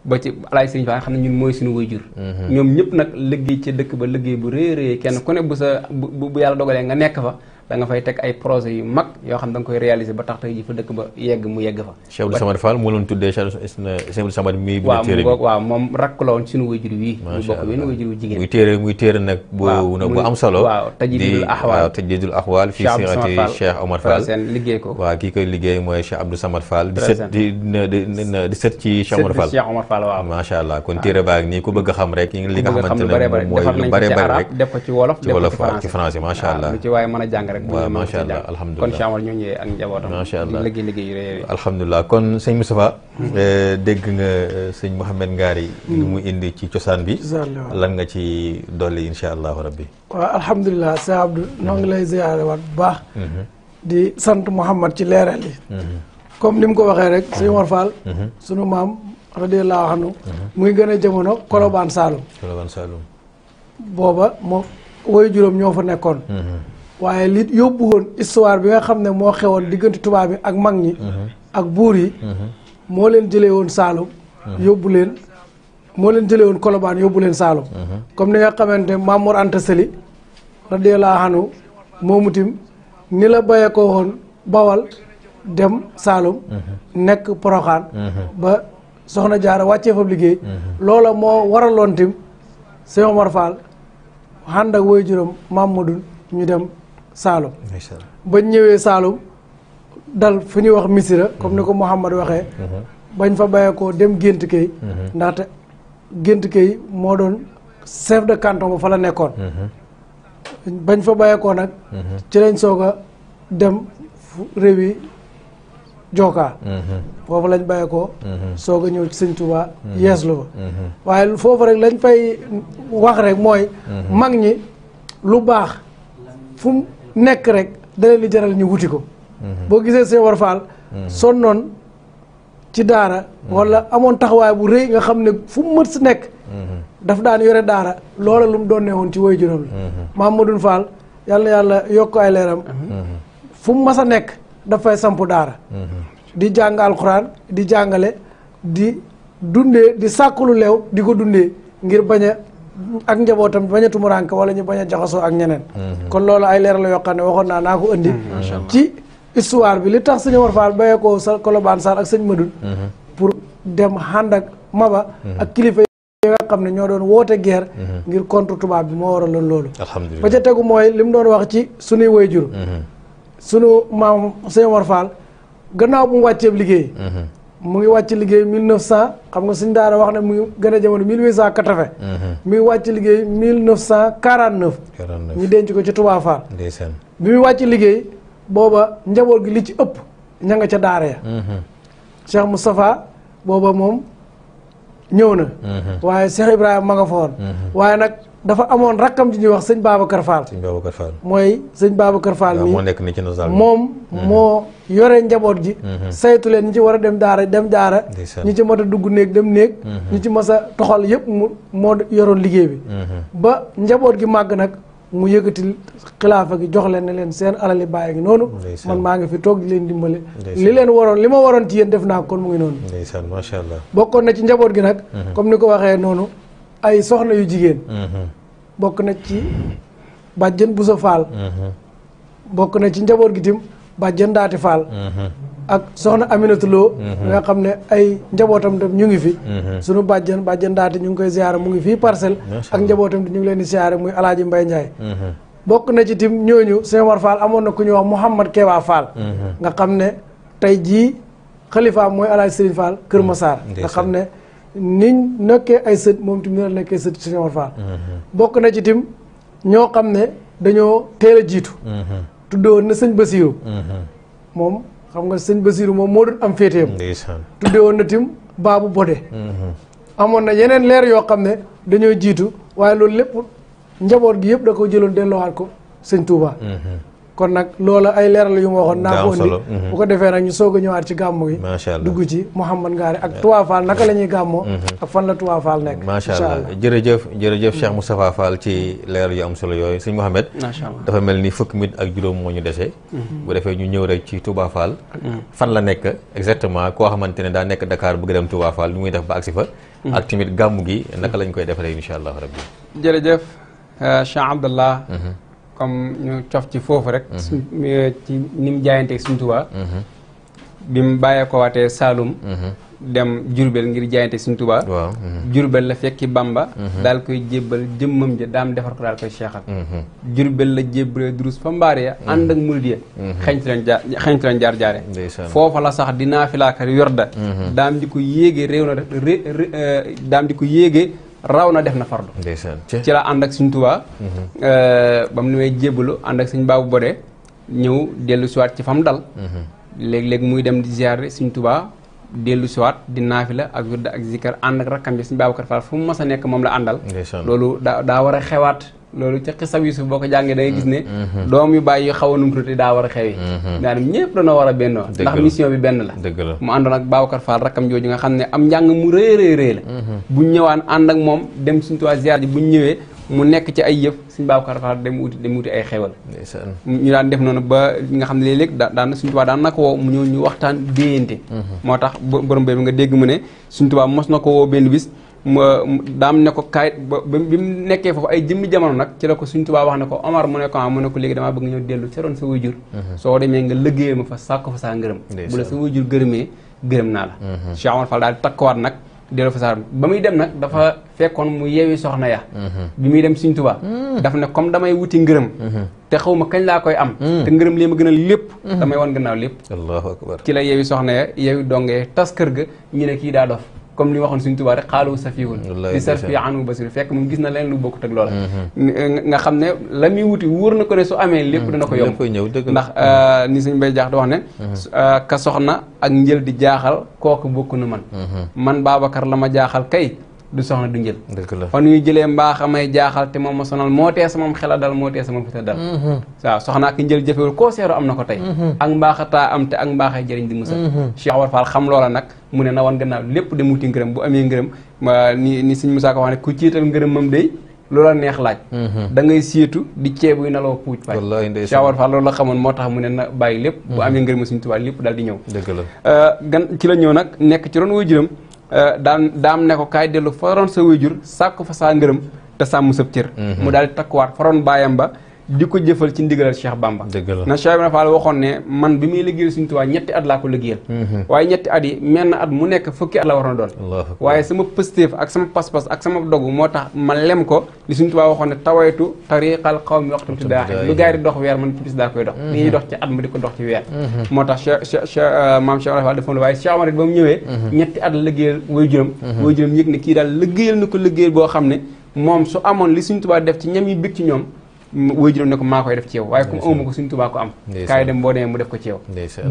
ba ci alaaj Serigne Fall xam ne ñun mooy suñu wayjur mm-hmm. ñoom ñëpp nag liggéey ci dëkk ba liggéey bu rëy a kenn ku ne bu sa bu bu yàlla dogalee nga nekk fa da nga fay teg ay projet yu mag yoo xam da nga koy réaliser ba tax tey ji fa dëkk ba yegg mu yegg fa Cheikh Abdou Samad Fall moo doon tuddee Cheikh Abdou Samad mi waaw mu ngoog waaw moom ko waaw kii koy liggéey mooy Cheikh Abdou Samad Fall di sët ci Cheikh Omar Fall Cheikh allah kon téere baa ngi ku bëgg a xam rek yi li nga xamante lu bare bare def ko ci wolof ci wolof ci français macha allah lu a jàng rek. waaw macha allah alhamdulilah kon Cheikh Omar ñoo ñëwee ak njabootam. macha allah liggéey liggéey yu rëy alhamdulilah mm-hmm. eh, dégg nga eh, sëñ Mouhamed Ngari. Mm-hmm. mu indi ci cosaan bi. lan nga ci dolli incha allahu rabbi. waaw alhamdulilah sëñ Abdou ñoo ngi lay ziare waat bu baax. Mm-hmm. di sant Mouhamed ci leeral yi. comme ni mu ko waxee rek sëñ Omar Fall. sunu maam radiyallahu anhu muy gën a jamono Kolobaan Saalum. Kolobaan Saalum. booba moo woy juróom ñoo fa nekkoon. waaye lit yóbbu woon histoire bi nga xam ne moo xewoon diggante tubaab yi ak mag ñi. Mhm. ak buur yi. Mhm. moo leen jëlee woon Saalum. Mhm. yóbbu leen moo leen jëlee woon Colobane yóbbu leen Saalum. comme ni nga xamante ne Maam Mor Anta Sali radiyallaahu anhu moomu tim la bayee ko Bawal dem Saalum. nekk Poroxaan. ba soxna Jaara wàccee fa liggéey. loola moo waraloon tim Seex Omar Fall ànd ak waajuram Mamadou ñu dem. Saalum. bañ ñëwee Saalum dal fu ñuy wax Misira comme ni mhm. ko Mouhamad waxee. Mhm. bañ fa bàyyee ko dem gént kay. Mhm. ndaxte gént kay moo doon chef de canton ba fa la nekkoon. bañ fa bàyyee ko nag. ci lañ soog a dem réew yi Joka. foofu lañ bàyyee ko. soog a ñëw ci sëñ Tuba yeeslu ba. waaye foofu rek lañ fay wax rek mooy. mag ñi lu baax fu nekk rek da leen di jaral ñu wuti ko. Mhm. boo gisee seen war faal. Mhm. noon ci daara. Mhm. walla amoon taxawaay bu rëy nga xam ne fu mu mët si nekk. daf daan yore daara loola lu mu doon ne woon ci woy juróom la. Mamadou Fall yàlla yàlla yokk ay leeram. fu mu mas a nekk dafay sampu daara. di jàng alxuraan di jàngale di dundee di sàkklu leew di ko dundee ngir bañ a ak njabootam bañ a tumurank wala ñu bañ a jaxasoo ak ñeneen mhm. kon loolu ay leer la yoo xam ne waxoon naa naa ko indi mhm. ci histoire bi li tax sëñ Omar Fall bayee ko sa Colobane Sarr ak sëñ Madun mhm. pour dem ànd ak Maba ak kilifa yi nga xam ne ñoo doon woote guerre ngir contre tubaab bi moo waraloon loolu ba ca tegu mooy li mu doon wax ci sunuy wayjur sunu maam sëñ Omar gannaaw bu mu wàcceeb liggéey mu ngi wàcc liggéey mille neuf cent xam nga suñ daara wax ne mu ngi gën a jamono mille huit cent quatre-vingt mhm. mu ngi wàcc liggéey mille neuf cent quarante-neuf ñu denc ko ci Touba Fall bi muy wàcc liggéey booba njaboot gi li ci ëpp ña nga ca daara ya mhm. Cheikh Moustapha booba moom ñëw na mhm. waaye Cheikh Ibrahima ma nga fa woon waaye nag dafa amoon rakkam ji ñuy wax sëñ Babacar Fall. sëñ Babacar Fall mooy sëñ Babacar Fall. mi moo nekk ni ci moom mhm. moo yore njaboot ji. Mhm. saytu leen ñi ci war a dem daara dem daara. ñi ci mot a dugg néeg dem néeg. Mhm. ñi ci mas a toxal yëpp mu moo yoroon liggéey bi. ba njaboot gi màgg nag mu yëkkati xilaafa gi jox leen ne leen seen alali bàyyi ngi noonu. man maa ngi fi toog di leen dimbale. li leen waroon li ma waroon ci yéen def naa ko mu ngi noonu. ndeysaan macha allah bokkoon na ci njaboot gi nag. comme ni ko waxee noonu. ay soxna yu jigéen mm-hmm. bokk na ci bàjjen Buso Faal mm-hmm. bokk na ci njaboot gi tim bàjjen Ndaati Faal mm-hmm. ak soxna Aminata Lo nga xam ne ay njabootam tam ñu ngi fi sunu bàjjen bàjjen Ndaati ñu ngi koy ziyaara mu ngi fii parcelle ak njabootam tam ñu ngi leen di ziyaara muy Alaaji Mbay Njaay bokk na ci tim ñooñu Sëñ War Faal amoon na ku ñuy wax Mouhamad Kewa Faal nga xam ne tey jii xalifaam mooy Alaaji Sëriñ Faal Kër Masaar nga xam ne niñ nekkee ay sët moom tim noonu la nekkee sët Serigne Omar mm-hmm. bokk na ci tim ñoo xam ne dañoo teel a jiitu mm-hmm. tuddewoon na sëñ Basiiru mm-hmm. moom xam nga sëñ Basiiru moom moo doon am féeteem tuddewoon na tim baabu bode amoon na yeneen leer yoo xam ne dañoo jiitu waaye loolu lépp njaboot gi yëpp da ko jëloon delloowaat ko sëñ Touba kon nag loola ay leeral yu ma waxoon naa ko indi mhm. bu ko defee nag ñu soog a ñëwaat ci gàmmu gi macha allah dugg ci Mouhamad Ngaari ak Touba Fall naka la ñuy gàmmoo mhm. ak fan la Touba Fall nekk macha allah jërëjëf jërëjëf mm. Cheikh Moustapha Fall ci leeral yu am solo yooyu sëñ Mouhamed dafa mel ni fukki minute ak juróom moo ñu desee mm-hmm. bu defee ñu ñëw rek ci Touba mm-hmm. fan la nekk exactement koo xamante ne daa nekk ndakaar bëgg dem Touba Fall lu muy def ba agsi fa mm-hmm. ak tamit gàmmu gi naka lañ koy defaree incha allah rabbi jërëjëf euh, Cheikh Abdallah comme ñu cof ci fofu rek. Mhm. Eh, ci nim jaayante ak Sëriñ tuba mhm. bim baye ko waté salum mhm. dem Jurbel ngir jaayante Sëriñ tuba Jurbel la fekki Bamba. dal koy jébal jëmmam je dam defar ko dal koy Jurbel la jébbalee durus fa mbaare ya. ànd ak murid ya. xëy leen jaar xëy jaar jaare. la sax dina fi la kar yorda dam di ko yéege rewna eh, dam di ko raw na def na fardu ci la ànd ak suñ tubaa mhm. euh, ba mu ñëwee jébbalu ànd ak suñ baabu bodee ñëw dellu siwaat ci fam dal mhm. léeg-léeg muy dem di ziare suñ tubaa dellu siwaat di naafi la ak wirda ak zikar ànd ak rakkam bi suñ Babacar Fall fu mu mas a nekk moom la àndal loolu daa daa war a xewaat loolu ca xisaw Yuusuf boo ko jàngee da ngay gis ne mm, mm, mm. doom yu bàyyi xaw a numtuti daa war a xewi daanam ñëpp dañoo war a benn bennoo ndax mission bi benn la mu àndoon ak Babacar Fall rakkam jooju nga xam ne am njàng mu rëy rëy rëy la buñ ñëwaan ànd ak moom dem suñu tuwaa ziar ji buñ ñëwee mu nekk ci ay yëf suñ Babacar Fall dem wuti dem wuti ay xewal ñu daan def noonu ba nga xam ne léeg-léeg da daan suñ tubaa daan na ko woo mu ñëw ñu waxtaan déyante moo tax bo borom bi nga dégg mu ne suñ tubaa mos na ko woo benn bis ma daam ne ko kaayit ba bi mu nekkee foofu ay jëmmi jamono nag ci la ko suñ tubaab wax ne ko Omar mu ne ko ah mu ne ko léegi damaa bëgg ñëw dellu ca doon sa wayjur mhm. soo demee nga liggéey ma fa sàkko fa saa ngërëm bu la sa wayjur gërëmee gërëm naa la mhm. Cheikh Omar Fall daal di takkuwaat nag dellu fa saa ba muy dem nag dafa fekkoon mu yeewi soxna ya mhm. bi muy dem suñ tubaab mm. daf ne comme damay wuti ngërëm te xaw ma kañ laa koy am mm. te ngërëm lii ma gën a lépp mm. damay wan gannaaw lépp allahu akbar ci la yeewi soxna ya yeewi dongee tas kër ga ñu ne kii daa comme li waxoon suñu tubaab rek xaalu safihun di sarfi anu basiru fekk moom gis na leen lu bokkut ak loola mhm. eh, nga xam ne la muy wuti wóor na ko ne su amee lépp mhm. dana ko yomb ndax mhm. euh, ni suñ bay jaax di wax ne euh, ka soxna ak njël di jaaxal kooku bokk na man man Babacar la ma jaaxal kay du soxna du njël fan yu jëlee mbaax amay jaaxal te moom ma sonal moo tee sama xel a dal moo tee sama fit a dal mm-hmm. soxna ak njël jëfewul koo seero am na ko tey mm-hmm. ak mbaaxataa am te ak mbaaxay jëriñ di musal mm-hmm. Cheikh Omar Fall xam loola nag mu ne na wan gannaaw lépp dem wuti ngërëm bu amee ngërëm ni ni sëñ Moussa ko wax ne ku ciital ngërëm mam day loola neex laaj da ngay seetu di ceebuy naloo puuj faay Cheikh Omar Fall loolu xamoon moo tax mu ne na bàyyi lépp bu amee ngërëm suñu tubaab lépp daal di ñëw euh, gan ci la ñëw nag nekk ci roon way Euh, daan daam ne ko kaay dellu faroon sa wéjur sàkku fa saa ngërëm te sàmm sëb cër mhm. mu daal di takkuwaat faroon baayam ba di ko jëfal ci ndigalal Cheikh Bamba na Cheikh Ibrahima Fall waxoon ne man bi muy liggéeyal Sëriñ Tuubaa ñetti at laa ko liggéeyal mhm. waaye ñetti at yi menn at mu nekk fukki at la waroon a waaye sama pëstéef ak sama pas ak sama dogu moo tax ma lem ko li Sëriñ Tuubaa waxoon ne tawaytu tariqal xawmi waxtu ci daaxe lu gaari dox weer man ci bis daa koy dox mhm. li ñuy dox at ma di ko dox ci mhm. euh, ba mu ñëwee ñetti at la liggéeyal way juróom way juróom yëg ne kii daal liggéeyal na ko liggéeyal boo xam ne moom su amoon li Sëriñ Tuubaa def ci ñam yi big ci ñoom woy juróom ne ko maa koy def ci waaye comme amu ko suñ tubaa ko am kaay dem boo demee mu def ko ci yow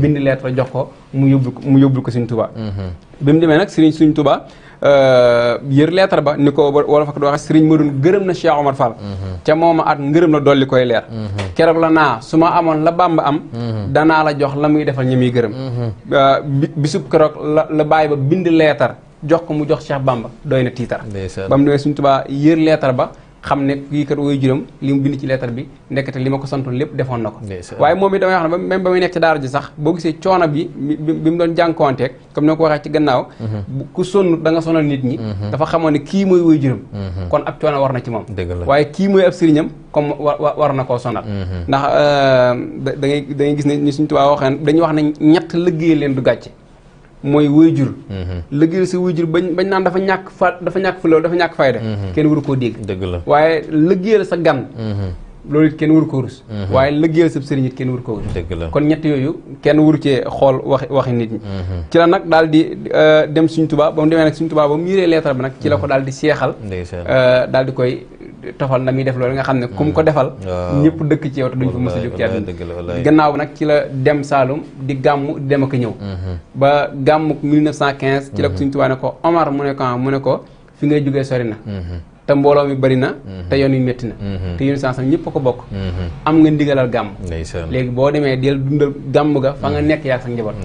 bind lettre jox ko mu yóbbul mu yóbbul ko suñ tubaa mm-hmm. bi mu demee nag sëriñ suñ tubaa euh, yër leetar ba ni ko wala fak di waxe sëriñ ma doon gërëm na Cheikh Omar Fall mm-hmm. ca mooma at ngërëm la dolli koy leer mm-hmm. keroog la naa su ma amoon la bàmba am danaa la jox la muy defal ñi muy gërëm euh, bisub keroog la la bàyyi ba bind leetar jox ko mu jox Cheikh Bamba doy na tiitar ba mu demee suñ tubaa yër leetar ba xam ne kii kat woy juróom li mu bind ci lettre bi nekkate li ma ko santoon lépp defoon na ko waaye moom it damay wax ne même ba muy nekk ci daara ji sax boo gisee coono bi bi mu doon jànkuwanteeg comme ni ma ko waxee ci gannaaw mhm. ku sonn da nga nit mhm. dafa xamoon ne kii mooy woy juróom mhm. kon ab coono war na ci moom waaye kii mooy comme war na koo sonal ndax euh, da ngay da ngay gis ne ñu suñu tubaab waxee dañuy wax ne ñett liggéey leen du gàcce mooy wayjur mhm. liggéeyal sa wayjur bañ bañ naan dafa ñàkk fa dafa ñàkk fulla dafa ñàkk fayda mhm. kenn waru koo dégg la waaye liggéeyal sa gan mhm. loolu it kenn waru ko rus waaye liggéeyal sa sëriñ it kenn waru ko rus la kon ñetti yooyu kenn waru cee xool wax waxi nit ci la nag daal di euh, dem suñ tubaab ba mu demee nag suñ tubaab ba mu yiree leetar bi nag ci la ko daal di seexal euh, daal di koy tofal na muy def loolu nga xam ne kum ko mm. defal ñëpp dëkk ci yow te duñ fa mos a jóg ci àdduna gannaaw bi nag ci la dem Saalum di gàmm dem ak ñëw mm-hmm. ba gàmm 1915 ci la ko mm-hmm. suñ tubaab ne ko Omar mu ne ko mu ne ko fi ngay jógee sori na mm-hmm. te mbooloo mi bari na mhm. te yoon wi métti na mhm. te yoon sansam ñëpp a ko bokk mhm. am nga ndigalal gàmm léegi boo demee del dundal gàmm ga fa nga nekk yaa sa njaboot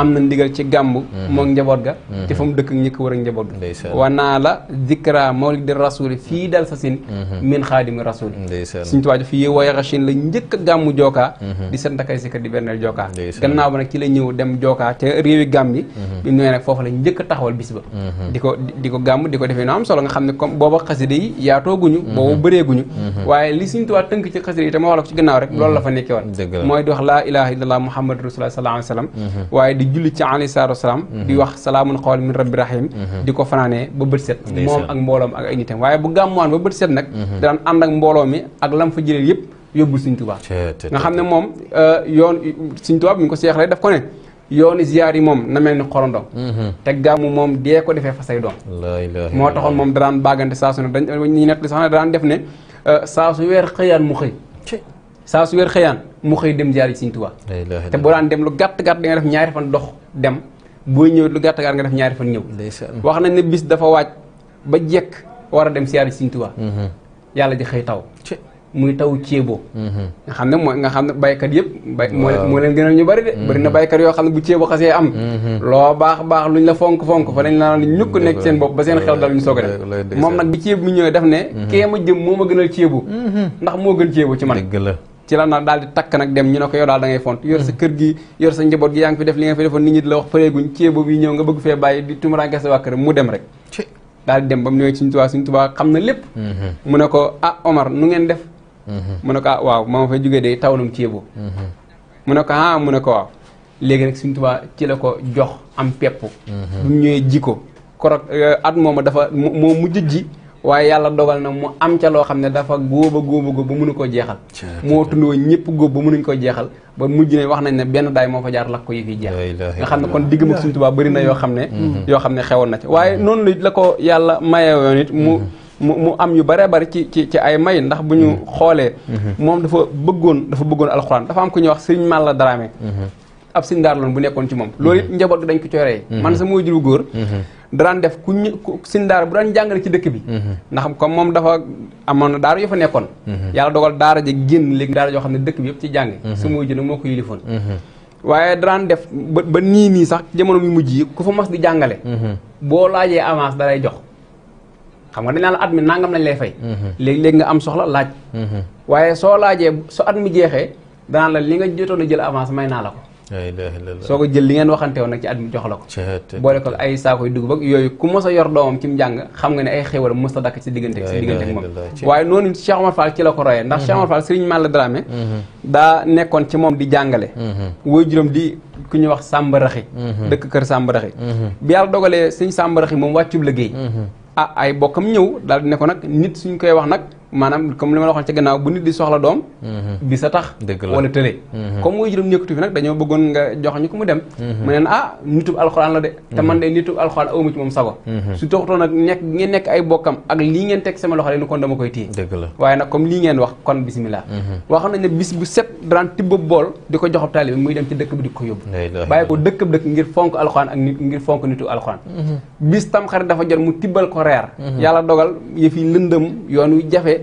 am na ndigal ci gàmm moo njaboot ga te fa mu dëkk ñi ko war a njaboot ga wa naa la zikra mawlidi rasuli fii dal sa sin min xaadimi njëkk gàmm jookaa di santakay sikkat di berneel jookaa gannaaw ba nag ci la ñëw dem jookaa ca réewi gàmm yi bi mu ñëwee nag foofu la njëkk a taxawal bis ba di ko di ko gàmm di ko defee no am solo nga xam ne comme booba xasi xasida yi yaatooguñu mhm. boobu bëreeguñu mhm. waaye li suñu tubaab tënk ci xasida yi tama wax la ko ci gannaaw rek loolu la fa nekkee woon mooy di wax laa ilaha illallah mhm. waaye di julli ci alayhi salaatu wasalaam di wax salaamun qawlan min rabbi rahim di ko fanaanee ba bët set moom ak mbooloom ak ay nitam waaye bu gàmmuwaan ba bët set nag daan ànd ak mbooloo mi ak lam fa jëlee yëpp yóbbul Sëñ Tuubaa nga xam ne moom euh, yoon Sëñ Tuubaa bi ñu ko seexalee daf ko ne yooni ziyaar yi moom na mel ni xorondom mm-hmm. te gàmmu moom dee ko defee fa say doom moo taxoon moom daraan baagante saa su ne dañ ñu nekk sax ne def ne euh, saa su weer xëyaan mu xëy saa su weer xëyaan mu xëy dem ziyaar yi Sëriñ Tuubaa te boo daan dem lu gàtt-gàtt da nga def ñaari fan dox dem booy ñëw lu gàtt-gàtt nga def ñaari fan ñëw wax nañ ne bis dafa waaj ba jekk war a dem ziyaar yi Sëriñ Tuubaa mm-hmm. yàlla di xëy taw muy taw ceebo mm-hmm. nga xam ne mooy nga xam ne baykat yëpp bay moo leen gënal ñu bari de bari na mm-hmm. baykat yoo xam ne bu ceebo xasee am mm-hmm. loo baax baax ñu la fonk fonk fa lañ la naan ñukk nekk seen bopp ba seen xel dal ñu a def moom nag bi ne kee ma jëm ndax moo gën ceebo ci man ci la nag daal di takk nag dem ñu ne ko yow daal da ngay font yor sa kër gi yor sa njaboot gi yaa ngi fi def li nga fi defoon nit ñi di la wax pareeguñ ceebo bi ñëw nga bëgg fee bàyyi di tumuranke sa waa kër mu dem rek daal di dem ba mu ñëwee suñ tubaa suñ tubaa xam na lépp mu ne ko ah Omar nu ngeen def Mm-hmm. mu ne ko ah waaw ma ma fa jógee de taw nam ceebu mm-hmm. mu ne ko ah mu ne ko waaw léegi nag Sëriñ ci la ko jox am pepp mm-hmm. bu ñëwee ji ko korog euh, at moom dafa moo mujj ji waaye yàlla dogal na mu am ca loo xam ne dafa góob a góob a mu ba mënu koo jeexal moo tundoo ñëpp góob ba mënuñ ko jeexal ba mujj ne wax nañ ne benn daay moo fa jaar lakk ko yi fi jeex nga xam ne kon diggam ak Sëriñ Tuubaa na yoo xam ne yoo xam ne xewoon na ci waaye noonu la ko yàlla mayewoon it mu mu am yu bare bari ci ci ci ay may ndax bu ñu mm-hmm. xoolee mm-hmm. moom dafa bëggoon dafa bëggoon alxuraan dafa am ku ñuy wax sëñ Malla Dramé mm-hmm. ab sëñ daar loon bu nekkoon ci moom loolu it njaboot gi dañ ko cooree man sa mooy juru góor daraan def ku ñu sëñ daara bu daan jàngale ci dëkk bi ndax comme moom dafa amoon na daara yu fa nekkoon yàlla dogal daara ji génn léegi daara joo xam ne dëkk bi yëpp ci jàng sa mooy juru moo ko yilifoon waaye daraan def ba nii nii sax jamono mi mujj yi ku fa mas di jàngale boo laajee avance dalay jox xam nga dañ naan la at mi nangam lañ lay fay. Mhm. léegi-léegi nga am soxla laaj. Mhm. waaye soo laajee su at mi jeexee danaan la li nga jotoon a jël avance may naa la ko. soo ko jël li ngeen waxante woon nag ci at mi jox la ko boole ko ay saako yu yooyu ku mos a yor doomam ci mu jàng xam nga ne ay xéwal mos a dakk ci diggante ci diggante ak moom waaye noonu Cheikh Omar Fall ci la ko royee ndax Cheikh Omar mhm. Fall Serigne Malla Dramé daa nekkoon ci moom di jàngale wooy juróom di ku ñu wax Samba Raxi dëkk kër Samba Raxi bi yàlla dogalee Serigne Samba moom wàccub liggéey ah ay bokkam ñëw daal di ne ko nag nit suñu koy wax nag manam comme lima waxon ci gannaaw bu nit di soxla dom mhm. bi sa tax wala tële mhm. comme moy juróom ñëkkatu fi nak dañoo bëggoon nga jox ñu mu dem mu mhm. neen ah nitub alcorane la de te man de nitub alxuraan awuma ci mom sago su toxto nak nekk ngeen nek ay bokkam ak li ngeen tek sama loxale leen kon dama koy téye waye nak comme li ngeen wax kon bismillah wax nañ ne bis bu set daan tibbu bol diko jox talib muy dem ci dekk bi diko yob baye ko dekk dekk ngir fonk alcorane ak nit ngir fonk nitu alcorane bis tam xar dafa jot mu tibbal ko reer yalla dogal yefi lendeum yoonu jafé jafe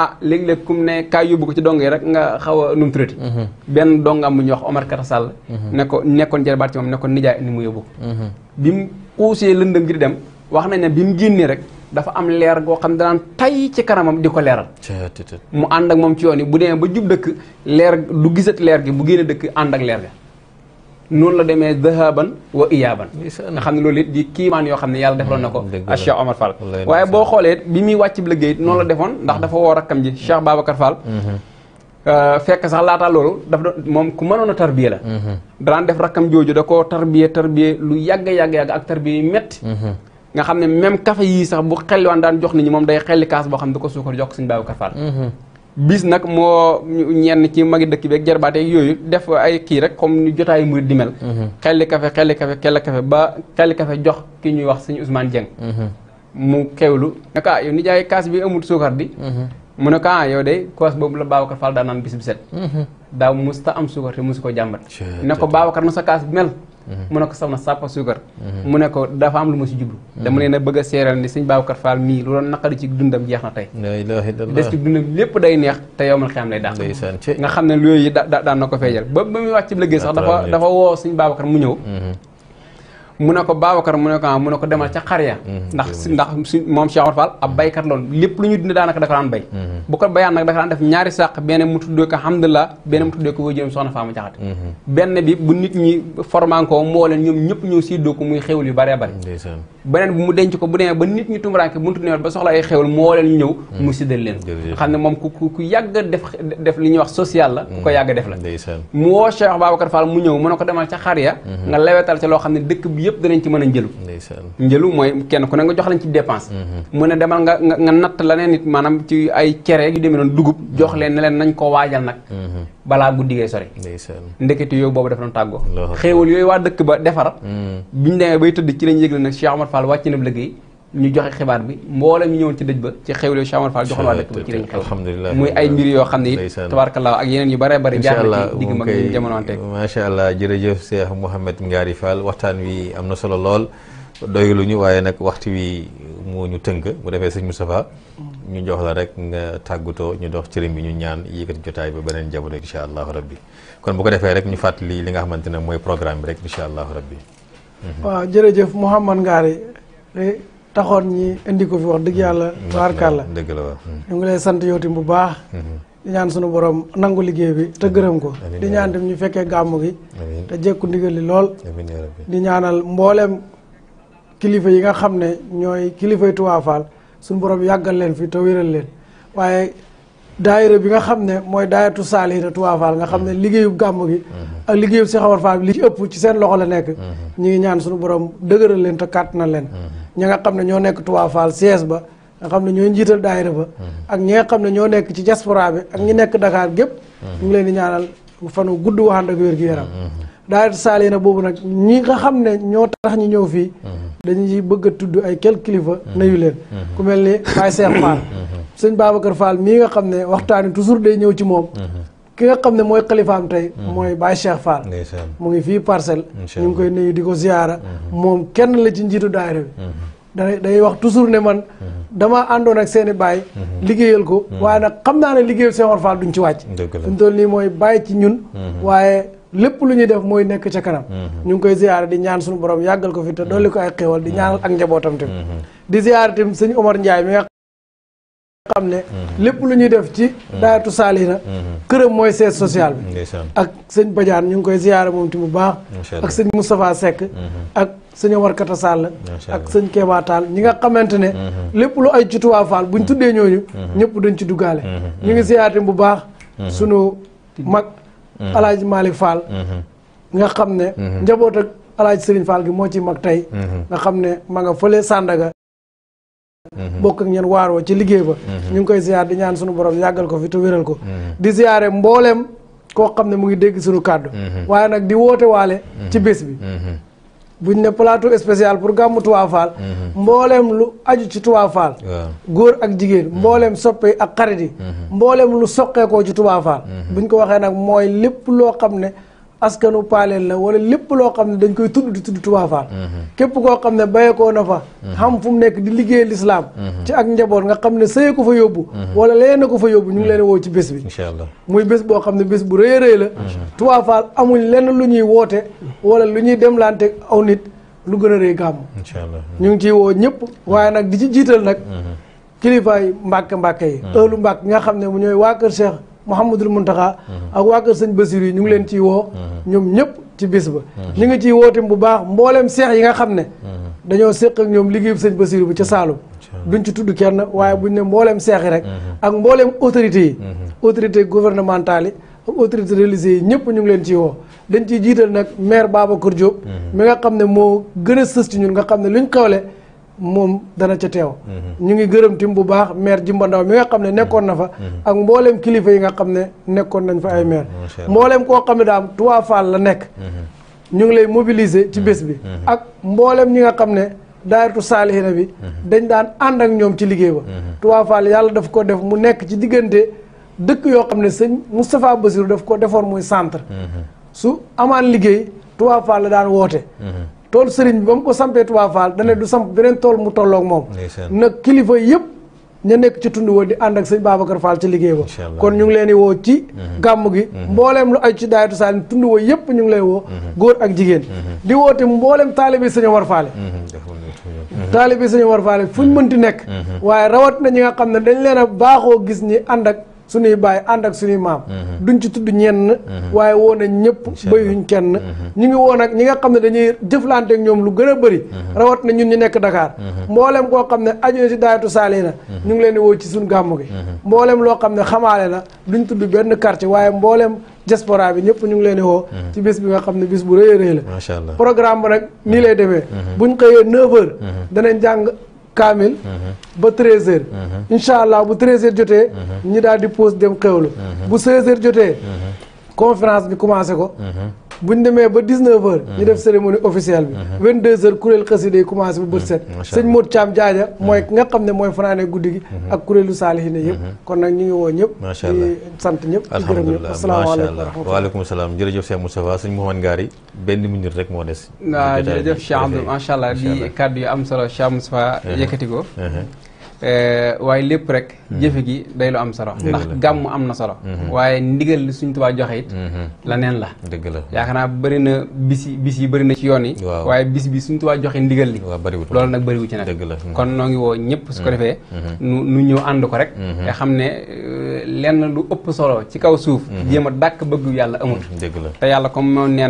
ah léeg-léeg kum ne kaay yóbbu ko ci dong yi rek nga xaw a num turati mhm. benn dongam bu ñuy wax Omar Kata Sall mhm. ne ko nekkoon jarbaat ci moom ne ko nijaay ni mu yóbbu mhm. bi mu xuusee lëndëm ngir dem wax nañ ne bi mu génnee rek dafa am leer goo xam ne danaan tay ci kanamam di ko leeral mu ànd ak moom ci yoon yi bu dee ba jub dëkk leer du gisat leer gi bu génne dëkk ànd ak leer ga noonu la demee dahaban wa iyaaban nga xam ne loolu it di kiimaan yoo xam ne yàlla defaloon na ko ak Cheikh Omar Fall waaye boo xoolee bi muy wàcc liggéey it noonu la mm-hmm. defoon ndax dafa woo rakkam ji Cheikh mm-hmm. Babacar Fall mm-hmm. euh, fekk sax laata loolu daf doon moom ku mënoon a tarbiya la daan def rakkam jooju da ko tarbiya tarbiya lu yàgg yàgg yàgg ak tarbiya yu metti nga xam ne même café yii sax bu xelliwaan daan jox nit ñi moom day xelli kaas boo xam ne da ko suukar jox ko suñu bis nag moo ñenn ci magi dëkk bi ak jarbaate yooyu def ay kii rek comme ni jotaayu murid di mel. Mm-hmm. xelli kafe xelli kafe xelli ba xelli kafe jox ki ñuy wax suñu Ousmane Dieng. Mm-hmm. mu xewlu ne ko ah yow nijaay kaas bi amul suukar di. Mm-hmm. mu ne ah yow de kaas boobu la Babacar Fall daan naan bis bi set. daaw mos ta am suukar te mosu ko jàmbat. ne ko Babacar sa kaas bi mel. mu ne ko saf na sàppa suukar mhm. mu ne ko dafa am lu ma si jublu mhm. dama leen a bëgg seeral ni sëñ Babacar faal mii lu doon naqari ci dundam jeex na tey des ci dundam lépp day neex te yow man xam lay dàq nga xam ne loolu yi daan na ko feejal ba ba muy wàcc ci liggéey sax dafa dafa woo sëñ Babacar mu ñëw mhm. mu ne ko Babacar mu ne ko ah mu ne ko demal ca xar ya mm-hmm. Mm-hmm. ndax ndax su moom Cheikh Omar Fall ab baykat loolu lépp lu ñu dund daanaka dafa daan bay mm-hmm. bu ko bayaan nag dafa def ñaari sàq benn mu tuddee ko alhamdulilah benn mu tuddee ko waajuram soxna Faama Jaxate benn bi bu nit ñi formankoo moo leen ñoom ñëpp ñëw siddoo ko muy xewul yu bëree bëri beneen bi mu denc ko bu demee ba nit ñi tumuraanke buntu newal ba soxla ay xewal moo leen ñëw hmm. mu siddal leen xam ne moom ku ku yàgg def li ñuy wax social la ku ko hmm. yàgg def la mu woo Cheikh Babacar Fall mu ñëw mu ne ko demal ca xar ya hmm. nga lewetal ca loo xam ne dëkk bi yëpp danañ ci mën a njëlu njëlu mooy kenn ku ne nga jox lañ ci dépense mu ne demal nga nga natt la neen nit maanaam ci ay cere yu demee noonu dugub jox leen ne leen nañ ko waajal nag balaa guddi digee sori ndekete yooyu boobu dafa doon tàggoo xéewal yooyu waa dëkk ba defar hmm. biñu demee bay tëdd ci lañ yëgle nag Cheikh Omar Fall wàcc na liggéey ñu joxe xibaar bi mboolem ñu ñëwoon ci dëj ba ci xewle yu Cheikh Omar Fall joxal waa dëkk ba ci lañ xew yoo xam ne it tabaarkallaa ak yeneen yu bare bare jaar na ci digg mag ñu macha allah jërëjëf Cheikh Mouhamed Ngari Fall waxtaan wi am na solo lool doylu ñu waaye nag waxtu wi moo ñu tënk bu defee sëñ Moustapha ñu jox la rek nga tàggatoo ñu dox cëriñ bi ñu ñaan yëkkati jotaay ba beneen jamono incha allahu rabbi kon bu ko defee rek ñu fàttali li nga xamante ne mooy programme bi rek incha allahu rabbi. Mhm. waaw jërëjëf Mouhamad Ngaari taxoon ñi indi ko fi wax dëgg yàlla. Mhm. Mhm. tabaarkàlla dëgg la waaw. ñu ngi lay sant yow tamit bu baax. di ñaan suñu borom nangu liggéey bi te gërëm ko. di ñaan tamit ñu fekkee gàmmu gi. te jékku ndigal li lool. di ñaanal mboolem kilifa yi nga xam ne ñooy kilifay Touba suñu borom yàggal leen fi te wéral leen waaye daayira bi nga xam ne mooy daayatu saalihina Touba Fall nga xam ne mm-hmm. liggéeyu gàmm gi mm-hmm. ak liggéeyu si xamar Fall li ci ëpp ci seen loxo la nekk mm-hmm. ñi ngi ñaan suñu borom dëgëral leen te kàtt leen ñi nga xam ne ñoo nekk Touba Fall siège ba xam ne ñoo njiital daayira ba ak ñi nga xam ne ñoo nekk ci diaspora bi ak ñi nekk Dakar gépp ñu ngi leen di ñaanal fanu gudd waxand ak wér-gu-yaram daayatu na boobu nag ñi nga xam ne ñoo tax ñu ñëw fii dañuy bëgg tudd ay quelques kilifa mhm. nayu leen mhm. ku mel ni Baye Cheikh Fall mhm. sëñ Babacar Fall mii nga xam ne waxtaani toujours day ñëw ci moom ki nga xam ne mooy xalifaam tey mooy Baye Cheikh Fall mu ngi fii parcelle ñu ngi koy nuyu di ko ziyaara moom kenn la ci njiitu daayira bi day day wax toujours ne man dama àndoon ak seeni baay liggéeyal ko waaye nag xam naa ne liggéeyal Cheikh Fall duñ ci wàcc duñ toll nii mooy bàyyi ci ñun waaye lépp lu ñuy def mooy nekk ca kanam mhm. ñu ngi koy ziyaare di ñaan suñu boroom yàggal ko fi te dolli ko ay xéewal di ñaanal ak njabootam tamit di ziyaare tamit sëñ Omar Ndiaye mi nga xam ne mhm. lépp lu ñuy def ci mhm. daayatu saalina këram mooy siège social bi ak sëñ Badiane ñu ngi koy ziyaare moom ti bu baax ak sëñ Moustapha sekk ak sëñ Omar Kata Sall ak sëñ Kéba Tall ñi nga xamante ne lépp lu ay cutuwaa faal ñu tuddee ñooñu ñëpp dañ ci duggaale ñu ngi ziyaare tamit bu baax sunu mag Mm-hmm. alaaji Malick Fall mm-hmm. nga xam ne mm-hmm. njaboot ak alaaji Serigne Fall gi moo ci mag tey nga xam ne ma nga fële Sandaga bokk ak ñeen waar ci liggéey ba ñu ngi koy ziyaar di ñaan suñu borom yàggal ko fi te wéral ko di ziyaare mbooleem koo xam ne mu ngi dégg suñu kàddu waaye nag di woote waale ci bés bi buñ ne plateau spécial pour gàmmu Touba Fall mhm. mbooleem lu aju ci Touba Fall góor ak jigéen mhm. mbooleem soppe ak xarit mhm. mboolem mbooleem lu soqeekoo ci Touba Fall buñ ko waxee nag mooy lépp loo xam ne askanu paaleel la wala lépp loo xam ne dañ koy tudd di tudd Touba Fall mhm. képp koo xam ne bayekoo na fa mhm. xam fu mu nekk di liggéey lislaam mhm. ci ak njaboot nga xam ne sëye ko fa yóbbu wala leneen ko fa yóbbu ñu ngi leen woo ci bés bi inchallah muy bés boo xam ne bés bu rëy a rëy la Touba Fall amuñ lenn lu ñuy woote wala lu ñuy demlante aw nit lu gën a rëy gàmmu inchallah ñu ngi ciy woo ñëpp waaye nag di ci jiital nag kilifaay mbàkke mbàkke yi ëllu mbàkk nga xam ne mu ñooy waa kër Cheikh Mouhamadul Mountakha mhm. ak waa kër sëñ Basiru yi ñu ngi leen ciy woo mhm. ñoom ñëpp ci bis ba mhm. ñu ngi ciy wootim bu baax mbooleem seex yi nga xam ne dañoo séq ak ñoom liggéeyu sëñ Basiru bi ca Saalum duñ ci tudd kenn waaye buñ ne mbooleem seex yi rek ak mbooleem autorité yi autorité gouvernementale yi autorité religieuses yi ñëpp ñu ngi leen ciy woo dañ ciy jiital nag maire Babacar Diop mi nga xam ne moo gën a sës ci ñun nga xam ne luñ xewle moom dana ca teew ñu ngi gërëm tim bu baax maire Jimba Ndaw mi nga xam ne nekkoon na fa ak mbooleem kilifa yi nga xam ne nekkoon nañ fa ay maire mm-hmm. mbooleem koo xam ne daam Touba Fall la nekk mm-hmm. ñu ngi lay mobiliser ci bés bi mm-hmm. ak mbooleem ñi nga xam ne daayiratu saalihina bi dañ daan ànd ak ñoom ci liggéey ba Touba Fall yàlla daf ko def mu nekk ci diggante dëkk yoo xam ne sëñ Moustapha Bassirou daf ko defoon muy centre su amaan liggéey Touba Fall la daan woote tool sëriñ bi ba mu ko sampee Touba Fall da ne du samp beneen tool mu tolloog moom na kilifa yëpp ñu nekk ci tund woo di ànd ak sëñ Babacar Fall ci liggéey ba kon ñu ngi leen di woo ci mhm. gàmm gi mhm. mbooleem lu ay ci daayatu saan tund woo yëpp ñu ngi lay woo mhm. góor ak jigéen di woote mbooleem taalibe sëñ Omar Fall taalibe sëñ Omar Fall fu ñu mënti nekk waaye rawat na ñi nga xam ne dañ leen a baaxoo gis ñi ànd ak suñuy bàyyi ànd ak suñuy maam mhm. duñ ci tudd ñenn mhm. waaye woo nañ ñëpp bayuñ kenn mhm. ñu ngi woon ak ñi nga xam ne dañuy jëflante ak ñoom lu gën a bëri rawat na ñun ñu nekk Dakar mboolem koo xam ne aju na si daayatu saali na ñu ngi leen di woo ci suñ gàmmu gi mboolem loo xam ne xamaale la duñ tudd benn quartier waaye mboolem diaspora bi ñëpp ñu ngi leen di woo ci bis bi nga xam ne bis bu rëy a rëy la programme bi nag nii lay demee buñ xëyee 9 heures jàng kaamil ba treize heures mhm. incha allah bu treize heures jotee mhm. ñi daal di pause dem xewlu mhm. bu seize heures jotee conférence bi commencé ko bu ñu demee ba 19h. ñu def mhm. cérémonie officielle bi. 22h mhm. kuréel xasida yi commencé bu bët set. macha allah sëñ Modou mhm. mooy nga xam ne mooy fanaane guddi gi. ak kuréelu na yëpp. kon nag ñu ngi woo ñëpp. macha allah sant ñëpp. alhamdulilah macha allah waaleykum salaam jërëjëf Cheikh Moustapha sëñ Mouhamed Ngari benn minute rek moo des. waaw jërëjëf Cheikh Abdou macha allah di yu am solo Cheikh Moustapha uh-huh. yëkkati ko. Uh-huh. Eh, waaye lépp rek hmm. jëfe gi day lu am solo ndax gàmm am na solo hmm. waaye ndigal li suñ tubaa joxe it hmm. la neen la dëgg la yaakaar naa bëri na bis yi bis yi bëri na ci yoon yi waaye bis bi suñ tubaa joxe ndigal li loolu nag bëriwu ci nag kon noo ngi woo ñëpp su ko defee nu ñëw ànd ko rek te xam ne eh, lenn lu ëpp solo ci kaw suuf jéem a dàkk bëgg yàlla amul te yàlla comme moom nee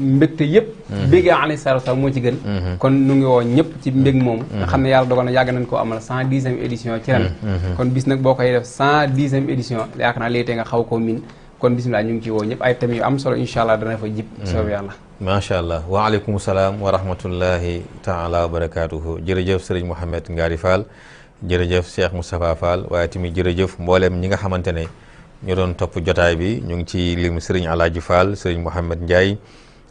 mbégte yëpp mhm. bégee alayhi salaatu wasalaam moo ci gën mhm. kon nu ngi woo ñëpp ci mbég mhm. moom nga xam ne yàlla dogal na yàgg nañ koo amal cent dixième édition ci ren kon bis nag boo koy def cent dixième édition yaakaar naa léegi nga xaw koo kon bisimilah ñu ngi ci woo ñëpp ay thèmes yu solo incha allah dana fa jib soob yàlla macha allah waaleykum salaam wa rahmatullahi taala wa barakaatuhu jërëjëf sëriñ Mouhamed Ngari Fall jërëjëf Cheikh Moustapha Fall waaye tamit jërëjëf mbooleem ñi nga xamante ne ñu doon topp jotaay bi ñu ngi ci lim sëriñ Alaaji Fall sëriñ Mouhamed Ndiaye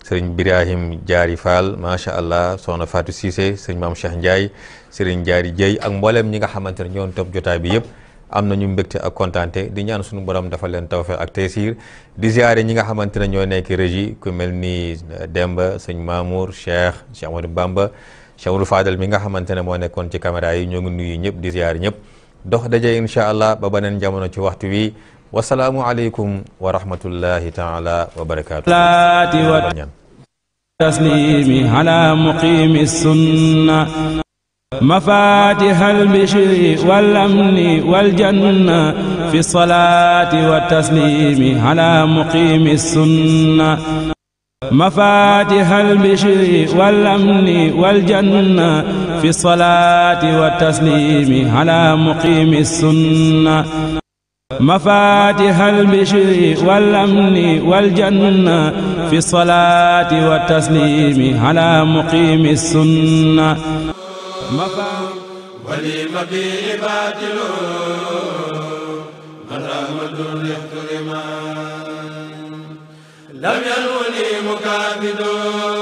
sëriñ Birahim Jaari Fall macha allah soxna Fatou Cissé sëriñ maam Cheikh Ndiaye sëriñ Jaari Dieye ak mbooleem ñi nga xamante ne ñoon topp jotaay bi yëpp am nañu mbégte ak kontaante di ñaan suñu borom dafa leen tawfeex ak teysir di ziare ñi nga xamante ne ñoo nekk régi ku mel ni Demba sëñ Mamour Cheikh Cheikh Amadou Bamba Cheikh Amadou Fadal mi nga xamante ne moo nekkoon ci caméra yi ñoo ngi nuyu ñëpp di ziare ñëpp dox daje incha allah ba beneen jamono ci waxtu wi. والسلام عليكم ورحمة الله تعالى وبركاته barakaatu على مقيم السنة مفاتيح البشر والأمن والجنة في الصلاة والتسليم على مقيم السنة مفاتيح البشر والأمن والجنة في الصلاة والتسليم على مقيم السنة مفاتح البشر والأمن والجنة في الصلاة والتسليم على مقيم السنة وليم به باطل من أحمد لم يروني مكابدون